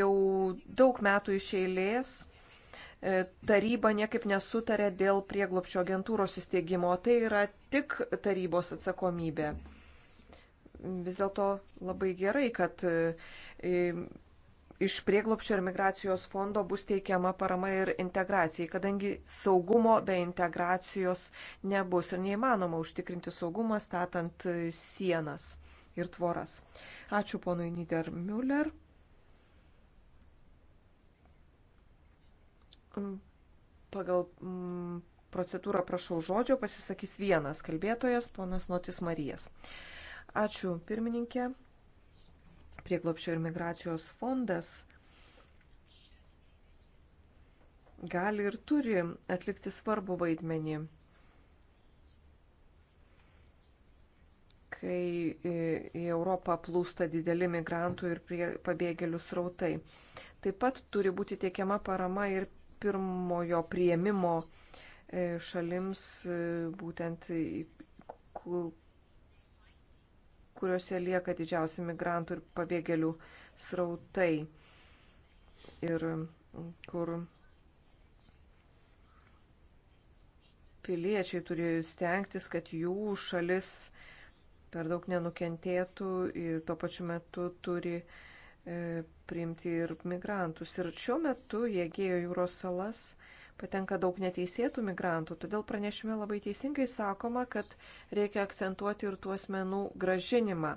jau daug metų iš eilės e, taryba niekaip nesutarė dėl prieglopščio agentūros įsteigimo. Tai yra tik tarybos atsakomybė vis dėlto labai gerai, kad e, iš prieglopščio ir migracijos fondo bus teikiama parama ir integracijai, kadangi saugumo be integracijos nebus ir neįmanoma užtikrinti saugumą statant e, sienas ir tvoras. Ačiū ponui Niedermüller. Mm, pagal mm, procedūrą prašau žodžio, pasisakys vienas kalbėtojas, ponas Notis Marijas. Ačiū, pirmininkė. Prieglopščio ir migracijos fondas gali ir turi atlikti svarbų vaidmenį, kai į Europą plūsta dideli migrantų ir pabėgėlių srautai. Taip pat turi būti tiekiama parama ir pirmojo prieimimo e, šalims, e, būtent kuriuose lieka didžiausi migrantų ir pabėgėlių srautai. Ir kur piliečiai turi stengtis, kad jų šalis per daug nenukentėtų ir tuo pačiu metu turi e, priimti ir migrantus. Ir šiuo metu Jėgėjo jūros salas patenka daug neteisėtų migrantų, todėl pranešime labai teisingai sakoma, kad reikia akcentuoti ir tų asmenų gražinimą,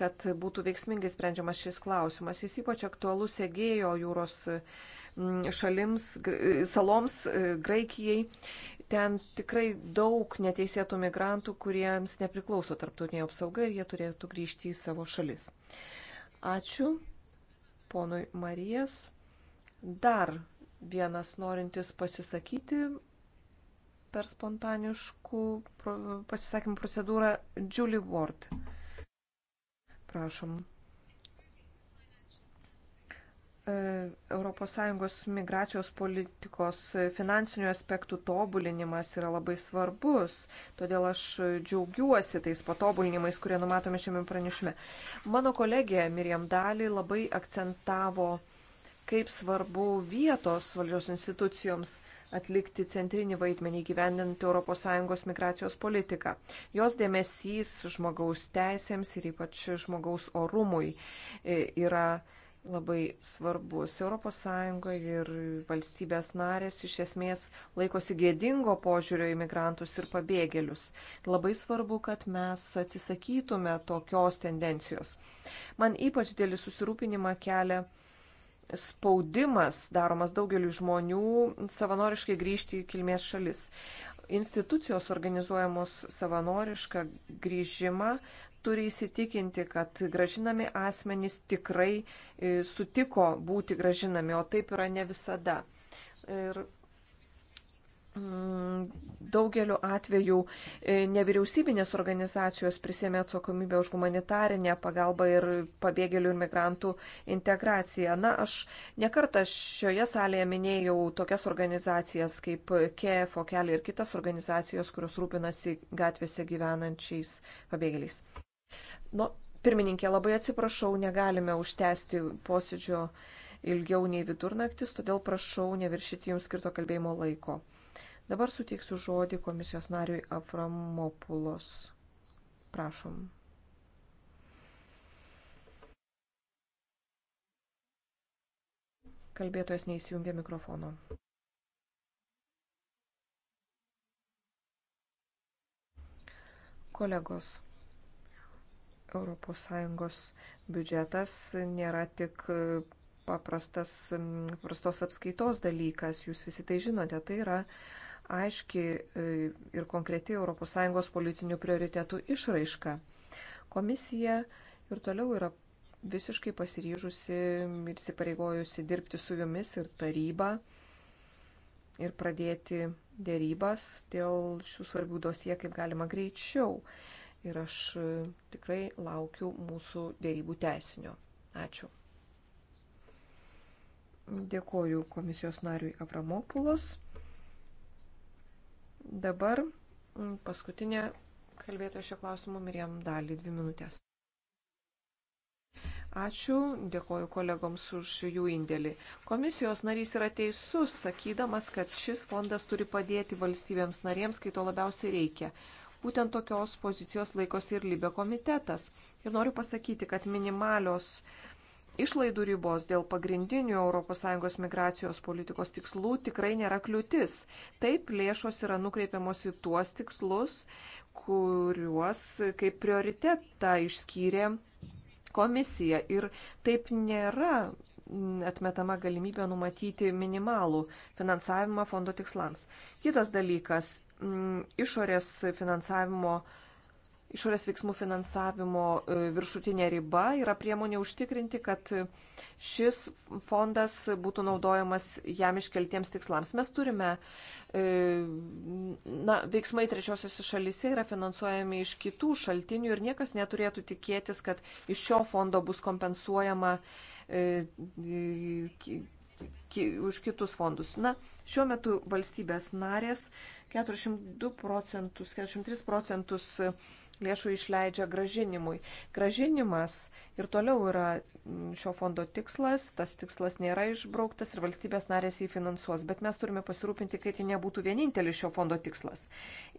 kad būtų veiksmingai sprendžiamas šis klausimas. Jis ypač aktualus Egėjo jūros mm, šalims, saloms, e, Graikijai. Ten tikrai daug neteisėtų migrantų, kuriems nepriklauso tarptautinė apsauga ir jie turėtų grįžti į savo šalis. Ačiū ponui Marijas. Dar vienas norintis pasisakyti per spontaniškų pasisakymų procedūrą Julie Ward. Prašom. ES migracijos politikos finansinių aspektų tobulinimas yra labai svarbus, todėl aš džiaugiuosi tais patobulinimais, kurie numatomi šiame pranešime. Mano kolegė Miriam Dali labai akcentavo uh, kaip svarbu vietos valdžios institucijoms atlikti centrinį vaidmenį gyvendinant ES migracijos politiką. Jos dėmesys žmogaus teisėms ir ypač žmogaus orumui e, yra labai svarbus. ES ir valstybės narės iš esmės laikosi gėdingo požiūrio į migrantus ir pabėgėlius. Labai svarbu, kad mes atsisakytume tokios tendencijos. Man ypač dėlį susirūpinimą kelia spaudimas daromas daugeliu žmonių savanoriškai grįžti į kilmės šalis. Institucijos organizuojamos savanorišką grįžimą turi įsitikinti, kad gražinami asmenys tikrai e, sutiko būti gražinami, o taip yra ne visada. Ir Mm, daugeliu atveju e, nevyriausybinės organizacijos prisėmė atsakomybę už humanitarinę pagalbą ir pabėgėlių ir migrantų integraciją. Na, aš nekartą šioje salėje minėjau tokias organizacijas kaip KF, Okelį ir kitas organizacijos, kurios rūpinasi gatvėse gyvenančiais pabėgėliais. Nu, pirmininkė, labai atsiprašau, negalime užtęsti posėdžio ilgiau nei vidurnaktis, todėl prašau neviršyti jums skirto kalbėjimo laiko. Dabar suteiksiu žodį komisijos nariui Avramopulos. Prašom. Kalbėtojas neįsijungia mikrofono. Kolegos, ES biudžetas nėra tik paprastas, paprastos apskaitos dalykas, jūs visi tai žinote, tai yra uh, aiški e, ir konkreti ES politinių prioritetų išraiška. Komisija ir toliau yra visiškai pasiryžusi ir įsipareigojusi dirbti su jumis ir taryba ir pradėti dėrybas dėl šių svarbių dosie kaip galima greičiau. Ir aš e, tikrai laukiu mūsų dėrybų teisinio. Ačiū. Dėkoju komisijos nariui Avramopulos. Dabar mm, paskutinė kalbėtoja šio klausimu Miriam Dalį, dvi minutės. Ačiū, dėkoju kolegoms už jų indėlį. Komisijos narys yra teisus, sakydamas, kad šis fondas turi padėti valstybėms narėms, kai to labiausiai reikia. Būtent tokios pozicijos laikosi ir Libė komitetas. Ir noriu pasakyti, kad minimalios išlaidų ribos dėl pagrindinių ES migracijos politikos tikslų tikrai nėra kliūtis. Taip, lėšos yra nukreipiamos į tuos tikslus, kuriuos kaip prioritetą išskyrė komisija. Ir taip nėra atmetama galimybė numatyti minimalų finansavimą fondo tikslams. Kitas dalykas - išorės finansavimo uh, išorės veiksmų finansavimo e, viršutinė riba yra priemonė užtikrinti, kad šis fondas būtų naudojamas jam iškeltiems tikslams. Mes turime, e, na, veiksmai trečiosiuose šalise yra finansuojami iš kitų šaltinių ir niekas neturėtų tikėtis, kad iš šio fondo bus kompensuojama e, už kitus fondus. Na, šiuo metu valstybės narės 42 procentus, 43 procentus lėšų išleidžia gražinimui. Gražinimas ir toliau yra mm, šio fondo tikslas, tas tikslas nėra išbrauktas ir valstybės narės jį finansuos, bet mes turime pasirūpinti, kad tai nebūtų vienintelis šio fondo tikslas.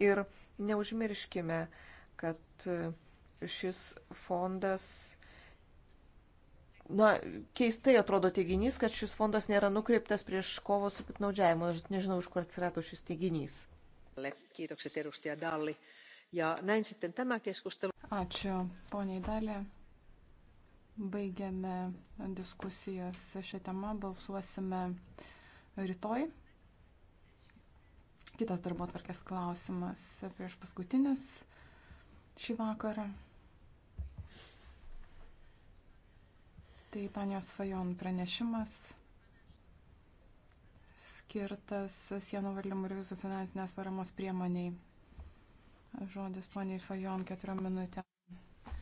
Ir neužmirškime, kad e, šis fondas. Na, keistai atrodo teiginys, kad šis fondas nėra nukreiptas prieš kovo su piknaudžiavimu. Aš nežinau, iš kur atsirado šis teiginys. Kiitokset edustaja Dalli. Ja näin sitten tämä keskustelu. Ačiū, poniai Dalė. Baigiame diskusijas šią temą, balsuosime rytoj. Kitas darbo atvarkės klausimas prieš paskutinis šį vakarą. Tai Tanijos Fajon pranešimas skirtas sienų valdymo ir vizų finansinės paramos priemoniai. Žodis poniai Fajon keturiom minutėm.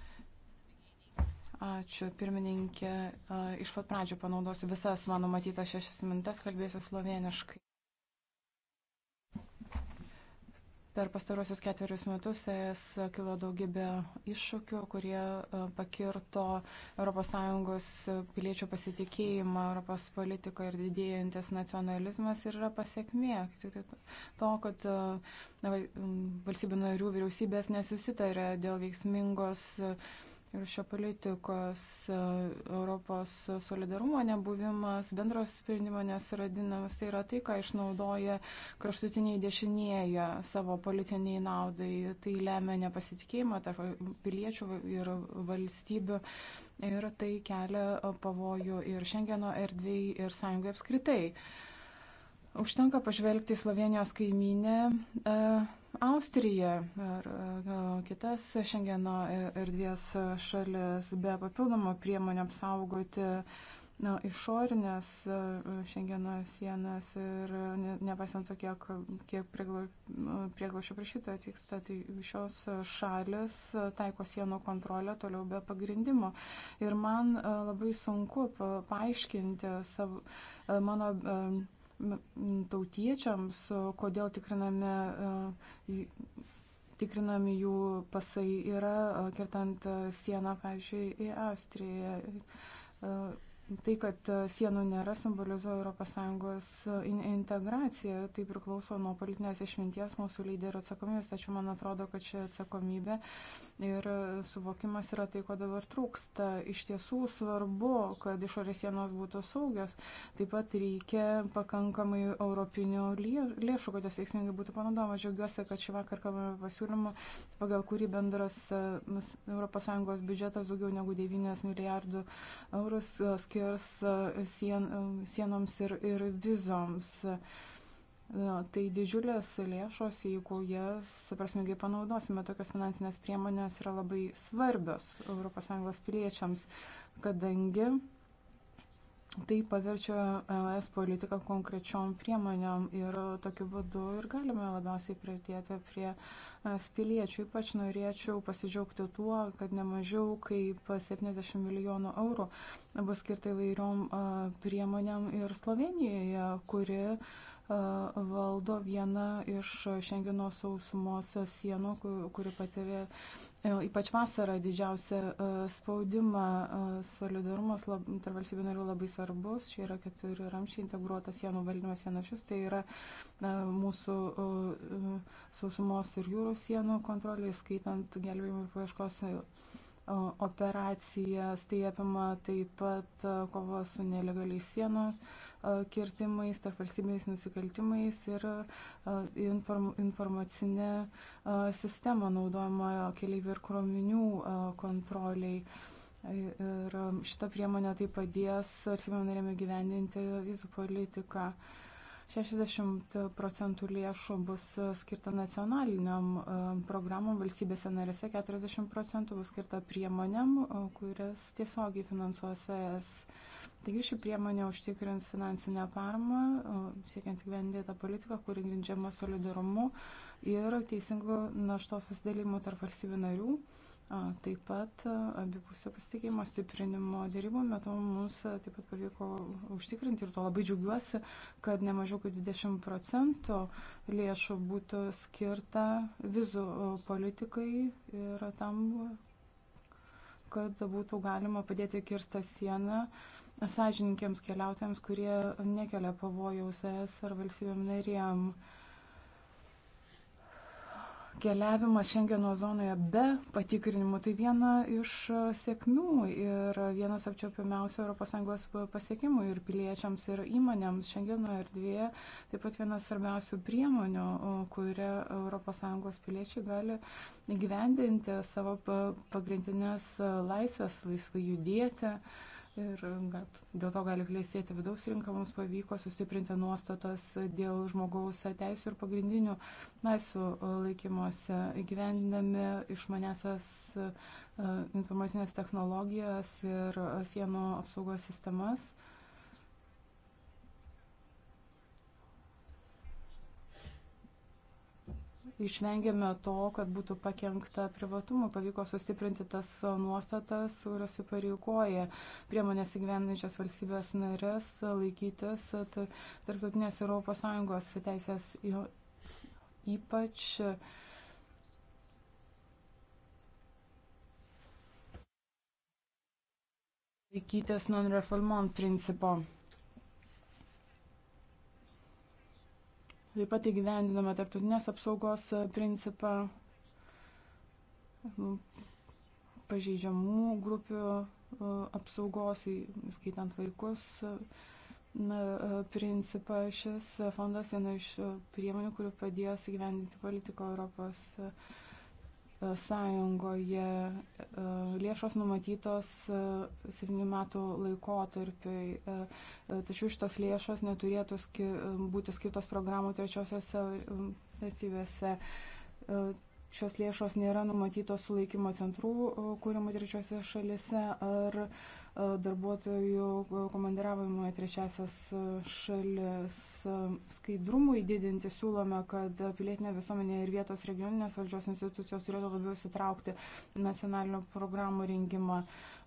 Ačiū, pirmininkė. Iš pat pradžių panaudosiu visas mano matytas šešias mintas, kalbėsiu sloveniškai. Per pastarosius ketverius metus ES kilo daugybė iššūkių, kurie e, pakirto ES piliečių pasitikėjimą Europos politiką ir didėjantis nacionalizmas ir yra pasiekmė tai to, kad e, valstybių narių vyriausybės nesusitarė dėl veiksmingos ir šio politikos e, Europos solidarumo nebuvimas, bendros sprendimo nesuradinamas, tai yra tai, ką išnaudoja kraštutiniai dešinieji savo politiniai naudai. Tai lemia nepasitikėjimą tarp piliečių ir valstybių ir tai kelia pavojų ir Šengeno erdvėjai ir sąjungai apskritai. Užtenka pažvelgti į Slovenijos kaiminę. E, Austrija ar e, kitas Šengeno e, erdvės šalis be papildomų priemonių apsaugoti na, išorinės e, Šengeno sienas ir nepasiant to, kiek, kiek prieglošio nu, prašytojų atvyksta, tai šios šalis taiko sienų kontrolę toliau be pagrindimo. Ir man labai sunku paaiškinti savo, mano tautiečiams, kodėl tikrinami, e, tikrinami jų pasai yra, e, kertant e, sieną, pavyzdžiui, į Austriją tai, kad e, sienų nėra, simbolizuoja ES e, integraciją ir tai priklauso nuo politinės išminties mūsų lyderių atsakomybės, tačiau man atrodo, kad ši atsakomybė ir e, suvokimas yra tai, ko dabar trūksta. Iš tiesų svarbu, kad išorės sienos būtų saugios, taip pat reikia pakankamai europinių lėšų, kad jos veiksmingai būtų panaudojamos. Džiaugiuosi, kad šį vakar kalbame pasiūlymą, pagal kurį bendras ES biudžetas daugiau negu 9 milijardų eurus skirtas skirs e, sien, e, sienoms ir, ir vizoms. Na, e, tai didžiulės lėšos, jeigu jas prasmingai panaudosime, tokios finansinės priemonės yra labai svarbios ES piliečiams, kadangi tai paverčia e, ES politiką konkrečiom priemonėm ir tokiu būdu ir galime labiausiai prieartėti prie e, ES piliečių. Ypač norėčiau pasidžiaugti tuo, kad nemažiau kaip 70 milijonų eurų bus skirta įvairiom e, priemonėm ir Slovenijoje, kuri valdo vieną iš Šengino sausumos sienų, kuri patiria E, ypač vasarą didžiausia e, spaudimą e, solidarumas tarp valstybių narių labai svarbus. Šie yra keturi ramšiai integruotas sienų valdymas sienašius. Tai yra mūsų sausumos ir jūrų sienų kontrolė, skaitant gelbėjimų ir paieškos operacijas. Tai apima taip pat kovo su nelegaliais sienos kirtimais, tarp valstybiniais nusikaltimais ir inform, informacinė sistema naudojama keliaivių ir krominių kontroliai. Ir šita priemonė tai padės valstybėm narėm gyvendinti vizų politiką. 60 procentų lėšų bus skirta nacionaliniam programom valstybėse narėse, 40 procentų bus skirta priemonėm, kurias tiesiogiai finansuos ES. Taigi ši priemonė užtikrins finansinę paramą, siekiant gyvendyti tą politiką, kuri grindžiama solidarumu ir teisingu naštos susidėlimu tarp valstybių narių. Taip pat abipusio pasitikėjimo stiprinimo dėrybų metu mums taip pat pavyko užtikrinti ir to labai džiaugiuosi, kad ne mažiau kaip 20 procentų lėšų būtų skirta vizų politikai ir tam, kad būtų galima padėti kirstą sieną uh, sąžininkiams keliautėms, kurie nekelia pavojaus ES ar valstybėm narėm. Keliavimas Šengeno zonoje be patikrinimų tai viena iš sėkmių ir vienas apčiopiamiausių ES pasiekimų ir piliečiams, ir įmonėms Šengeno erdvėje, taip pat vienas svarbiausių priemonių, kuria ES piliečiai gali gyvendinti savo pagrindinės laisvės, laisvai judėti. Uh, Ir bet dėl to gali klėstėti vidaus rinka, mums pavyko sustiprinti nuostatas dėl žmogaus teisų ir pagrindinių laisvų laikymuose, gyvendami išmanesias e, informacinės technologijas ir e, sienų apsaugos sistemas. išvengėme to, kad būtų pakengta privatumu, pavyko sustiprinti tas nuostatas, kurios įpareigoja priemonės įgyvenančias valstybės narės laikytis tarptautinės ES teisės ypač. Laikytis non-refoulement principo. Taip pat įgyvendiname tarptautinės apsaugos principą pažeidžiamų grupių e, apsaugos, skaitant vaikus na, e, principą. Šis fondas viena iš e, priemonių, kurių padės įgyvendinti politiką Europos sąjungoje e, lėšos numatytos 7 e, metų laikotarpiai, e, tačiau šitos lėšos neturėtų būti skirtos programų trečiosiose valstybėse šios lėšos nėra numatytos sulaikymo centrų e, kūrimo trečiose šalise ar e, darbuotojų e, komandiravimo į trečiasias šalis. Skaidrumui didinti siūlome, kad pilietinė visuomenė ir vietos regioninės valdžios institucijos turėtų labiau įsitraukti nacionalinio programų rengimą.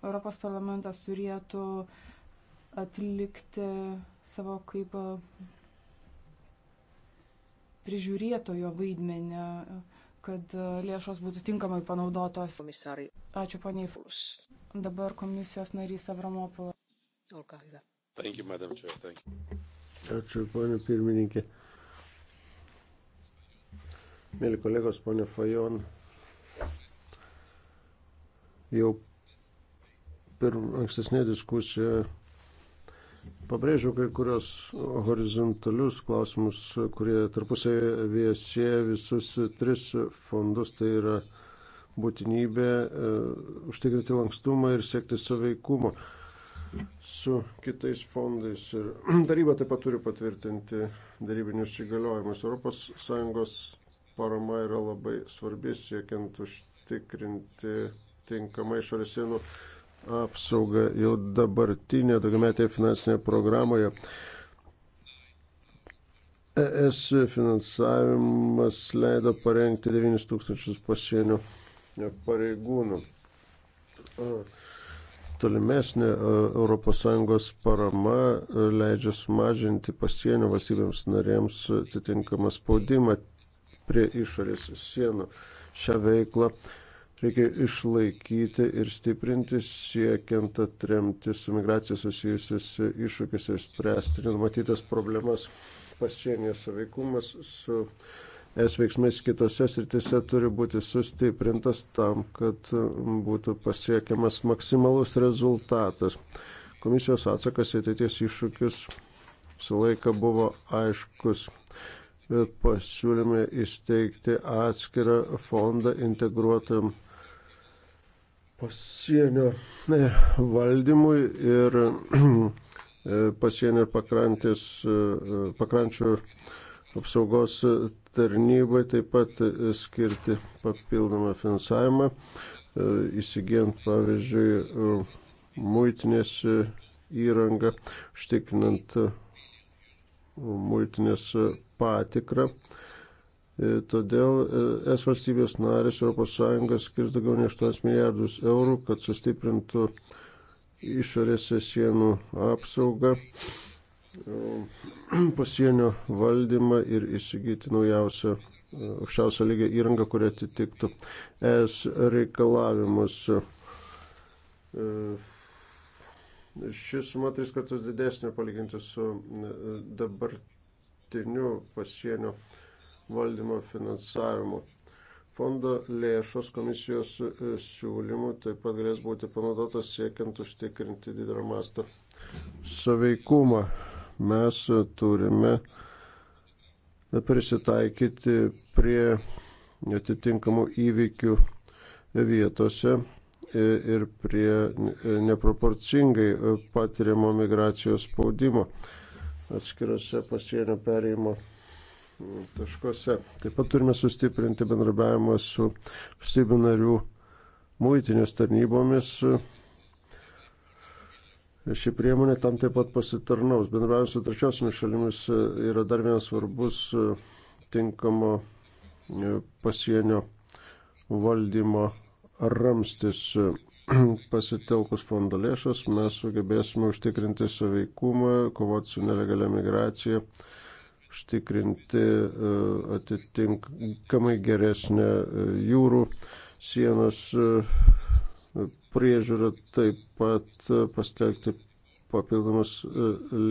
Europos parlamentas turėtų atlikti savo kaip prižiūrėtojo vaidmenį kad e, lėšos būtų tinkamai panaudotos. Komisarai. Ačiū, poniai. Dabar komisijos narys Avramopolas. Olkaa hyvä. Thank you, Madam Chair. Thank you. Ačiū, ponė pirmininkė. Mėly kolegos, ponė Fajon, jau per ankstesnė diskusija Pabrėžiau kai kurios horizontalius klausimus, kurie tarpusai viesie visus tris fondus. Tai yra būtinybė e, užtikrinti lankstumą ir siekti saveikumo su kitais fondais. Ir daryba taip pat turi patvirtinti darybinius įgaliojimus. ES parama yra labai svarbi siekiant užtikrinti tinkamą išorės sienų apsaugą jau dabartinė daugiametėje finansinėje programoje. ES finansavimas leido parengti 9000 pasienio pareigūnų. Tolimesnė ES parama e, leidžia sumažinti pasienio valstybėms narėms atitinkamą spaudimą prie išorės sienų. Šią veiklą reikia išlaikyti ir stiprinti siekiant atremti su migracija susijusius iššūkius ir spręsti nenumatytas problemas pasienyje saveikumas su es veiksmais kitose sritise turi būti sustiprintas tam, kad būtų pasiekiamas maksimalus rezultatas. Komisijos atsakas į ateities iššūkius visą laiką buvo aiškus pasiūlėme įsteigti atskirą fondą integruotam pasienio valdymui ir e, pasienio ir pakrantės, e, e, pakrančių apsaugos tarnybai taip pat skirti papildomą finansavimą, įsigijant pavyzdžiui muitinės įrangą, užtikrinant muitinės patikrą. E, todėl e, es valstybės narės ES skirs daugiau nei 8 milijardus eurų, kad sustiprintų išorės sienų apsaugą, e, pasienio valdymą ir įsigyti naujausią aukščiausio lygio įrangą, kuri atitiktų es reikalavimus. Ši suma tris kartus didesnė palyginti su dabartiniu pasienio valdymo finansavimo. Fondo lėšos komisijos e, siūlymų taip pat galės būti panaudotos siekiant užtikrinti didelio masto saveikumą. Mes turime prisitaikyti prie atitinkamų įvykių vietose e, ir prie e, neproporcingai patiriamo migracijos spaudimo atskirose pasienio perėjimo taškuose. Taip pat turime sustiprinti bendrabiavimą su valstybių narių muitinės tarnybomis. Ši priemonė tam taip pat pasitarnaus. Bendrabiavimas su trečiosiomis šalimis yra dar vienas svarbus e, tinkamo e, pasienio valdymo ramstis. Pasitelkus fondo lėšas mes sugebėsime užtikrinti saveikumą, kovoti su nelegalia migracija, užtikrinti e, atitinkamai geresnę e, jūrų sienos e, priežiūrą, taip pat pastelgti papildomas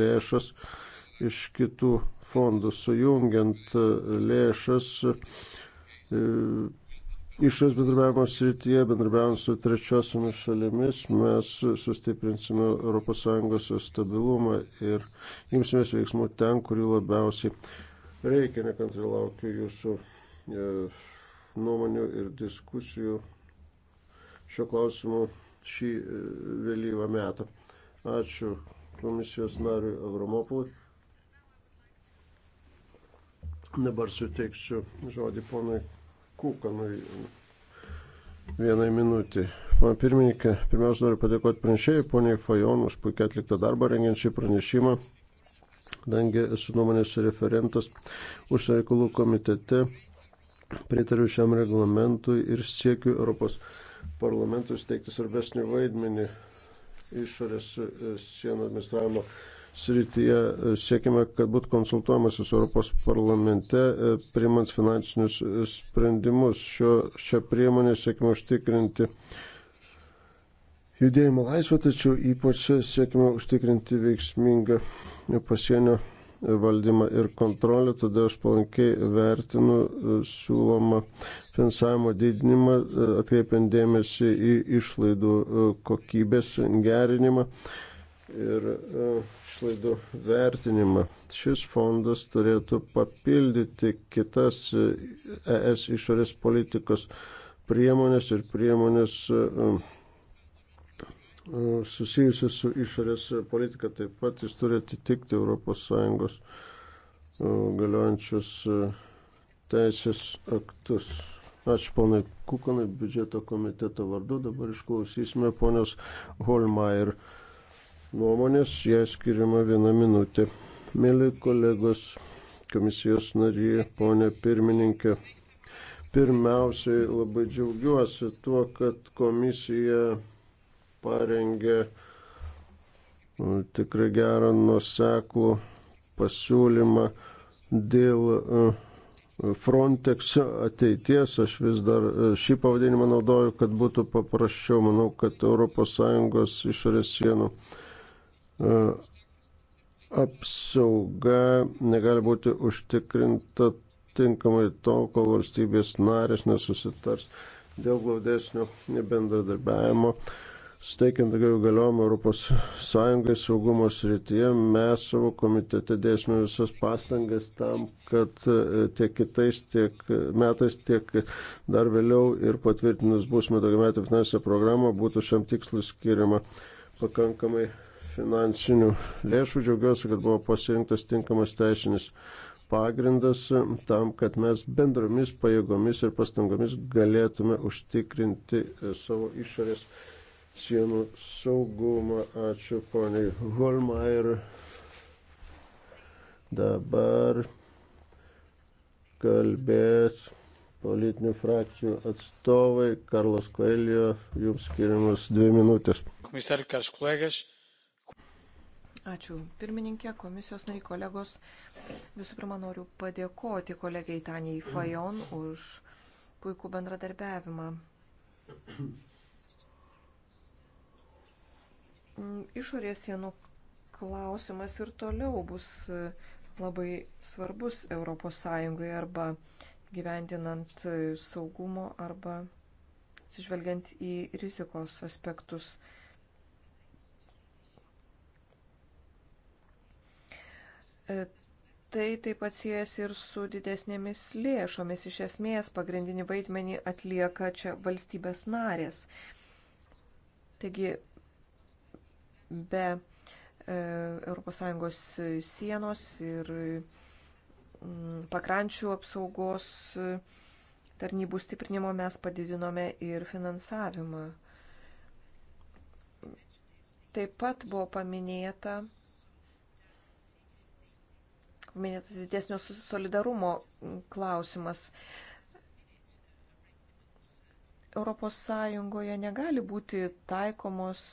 lėšas iš kitų fondų, sujungiant lėšas Išorės bendradarbiavimo srityje, bendradarbiavant su trečiosiomis šalimis, mes sustiprinsime ES stabilumą ir imsimės veiksmų ten, kurį labiausiai reikia. Nekantrai laukiu jūsų e, nuomonių ir diskusijų šio klausimu šį e, vėlyvą metą. Ačiū komisijos nariui Avramopului. Dabar suteiksiu žodį ponui Kukanui vienai minutį. Man pirmininkė, pirmiausia, noriu padėkoti pranešėjai, poniai Fajon, už puikiai atliktą darbą rengiant šį pranešimą, kadangi esu nuomonės referentas užsienio reikalų komitete, pritariu šiam reglamentui ir siekiu Europos parlamentui steigti svarbesnį vaidmenį išorės e, sienų administravimo srityje e, siekime, kad būtų konsultuojamas su Europos parlamente, e, priimant finansinius e, sprendimus. Šio, šią priemonę siekime užtikrinti judėjimo laisvę, tačiau ypač siekime užtikrinti veiksmingą pasienio valdymą ir kontrolę, todėl aš palankiai vertinu siūlomą finansavimo didinimą, atkreipiant dėmesį į išlaidų kokybės gerinimą ir e, išlaidų vertinimą. Šis fondas turėtų papildyti kitas ES e išorės politikos priemonės ir priemonės e, susijusias su išorės politika. Taip pat jis turi atitikti ES galiojančius teisės aktus. Ačiū ponai Kukonai, biudžeto komiteto vardu. Dabar išklausysime ponios Holmaier. ir nuomonės, jai skiriama viena minutė. Mėly kolegos, komisijos narė, ponė pirmininkė, pirmiausiai labai džiaugiuosi tuo, kad komisija parengė nu, tikrai gerą nuseklų pasiūlymą dėl e, Frontex ateities, aš vis dar e, šį pavadinimą naudoju, kad būtų paprasčiau. Manau, kad ES išorės sienų E, apsauga negali būti užtikrinta tinkamai tol, kol valstybės narės nesusitars dėl glaudesnio bendradarbiavimo. Steikiant daugiau galiojimų Europos Sąjungai saugumo srityje, mes savo komitete dėsime visas pastangas tam, kad e, tiek kitais, tiek metais, tiek dar vėliau ir patvirtinus būsime daugiametį finansinę programą, būtų šiam tikslui skiriama pakankamai finansinių lėšų. Džiaugiuosi, kad buvo pasirinktas tinkamas teisinis pagrindas tam, kad mes bendromis pajėgomis ir pastangomis galėtume užtikrinti savo išorės sienų saugumą. Ačiū poniai Holmeier. Dabar kalbės politinių frakcijų atstovai. Karlos Koelio, jums skiriamas dvi minutės. Komisarkas kolegas. Ačiū. Pirmininkė, komisijos nariai, kolegos, visų pirma noriu padėkoti kolegiai Tanijai Fajon už puikų bendradarbiavimą. Išorės sienų klausimas ir toliau bus labai svarbus ES arba gyvendinant saugumo arba atsižvelgiant į rizikos aspektus. E, tai taip pat siejasi ir su didesnėmis lėšomis. Iš esmės pagrindinį vaidmenį atlieka čia valstybės narės. Taigi be ES sienos ir mm, pakrančių apsaugos e, tarnybų stiprinimo mes padidinome ir finansavimą. Taip pat buvo paminėta, minėtas didesnio solidarumo klausimas. Europos Sąjungoje negali būti taikomos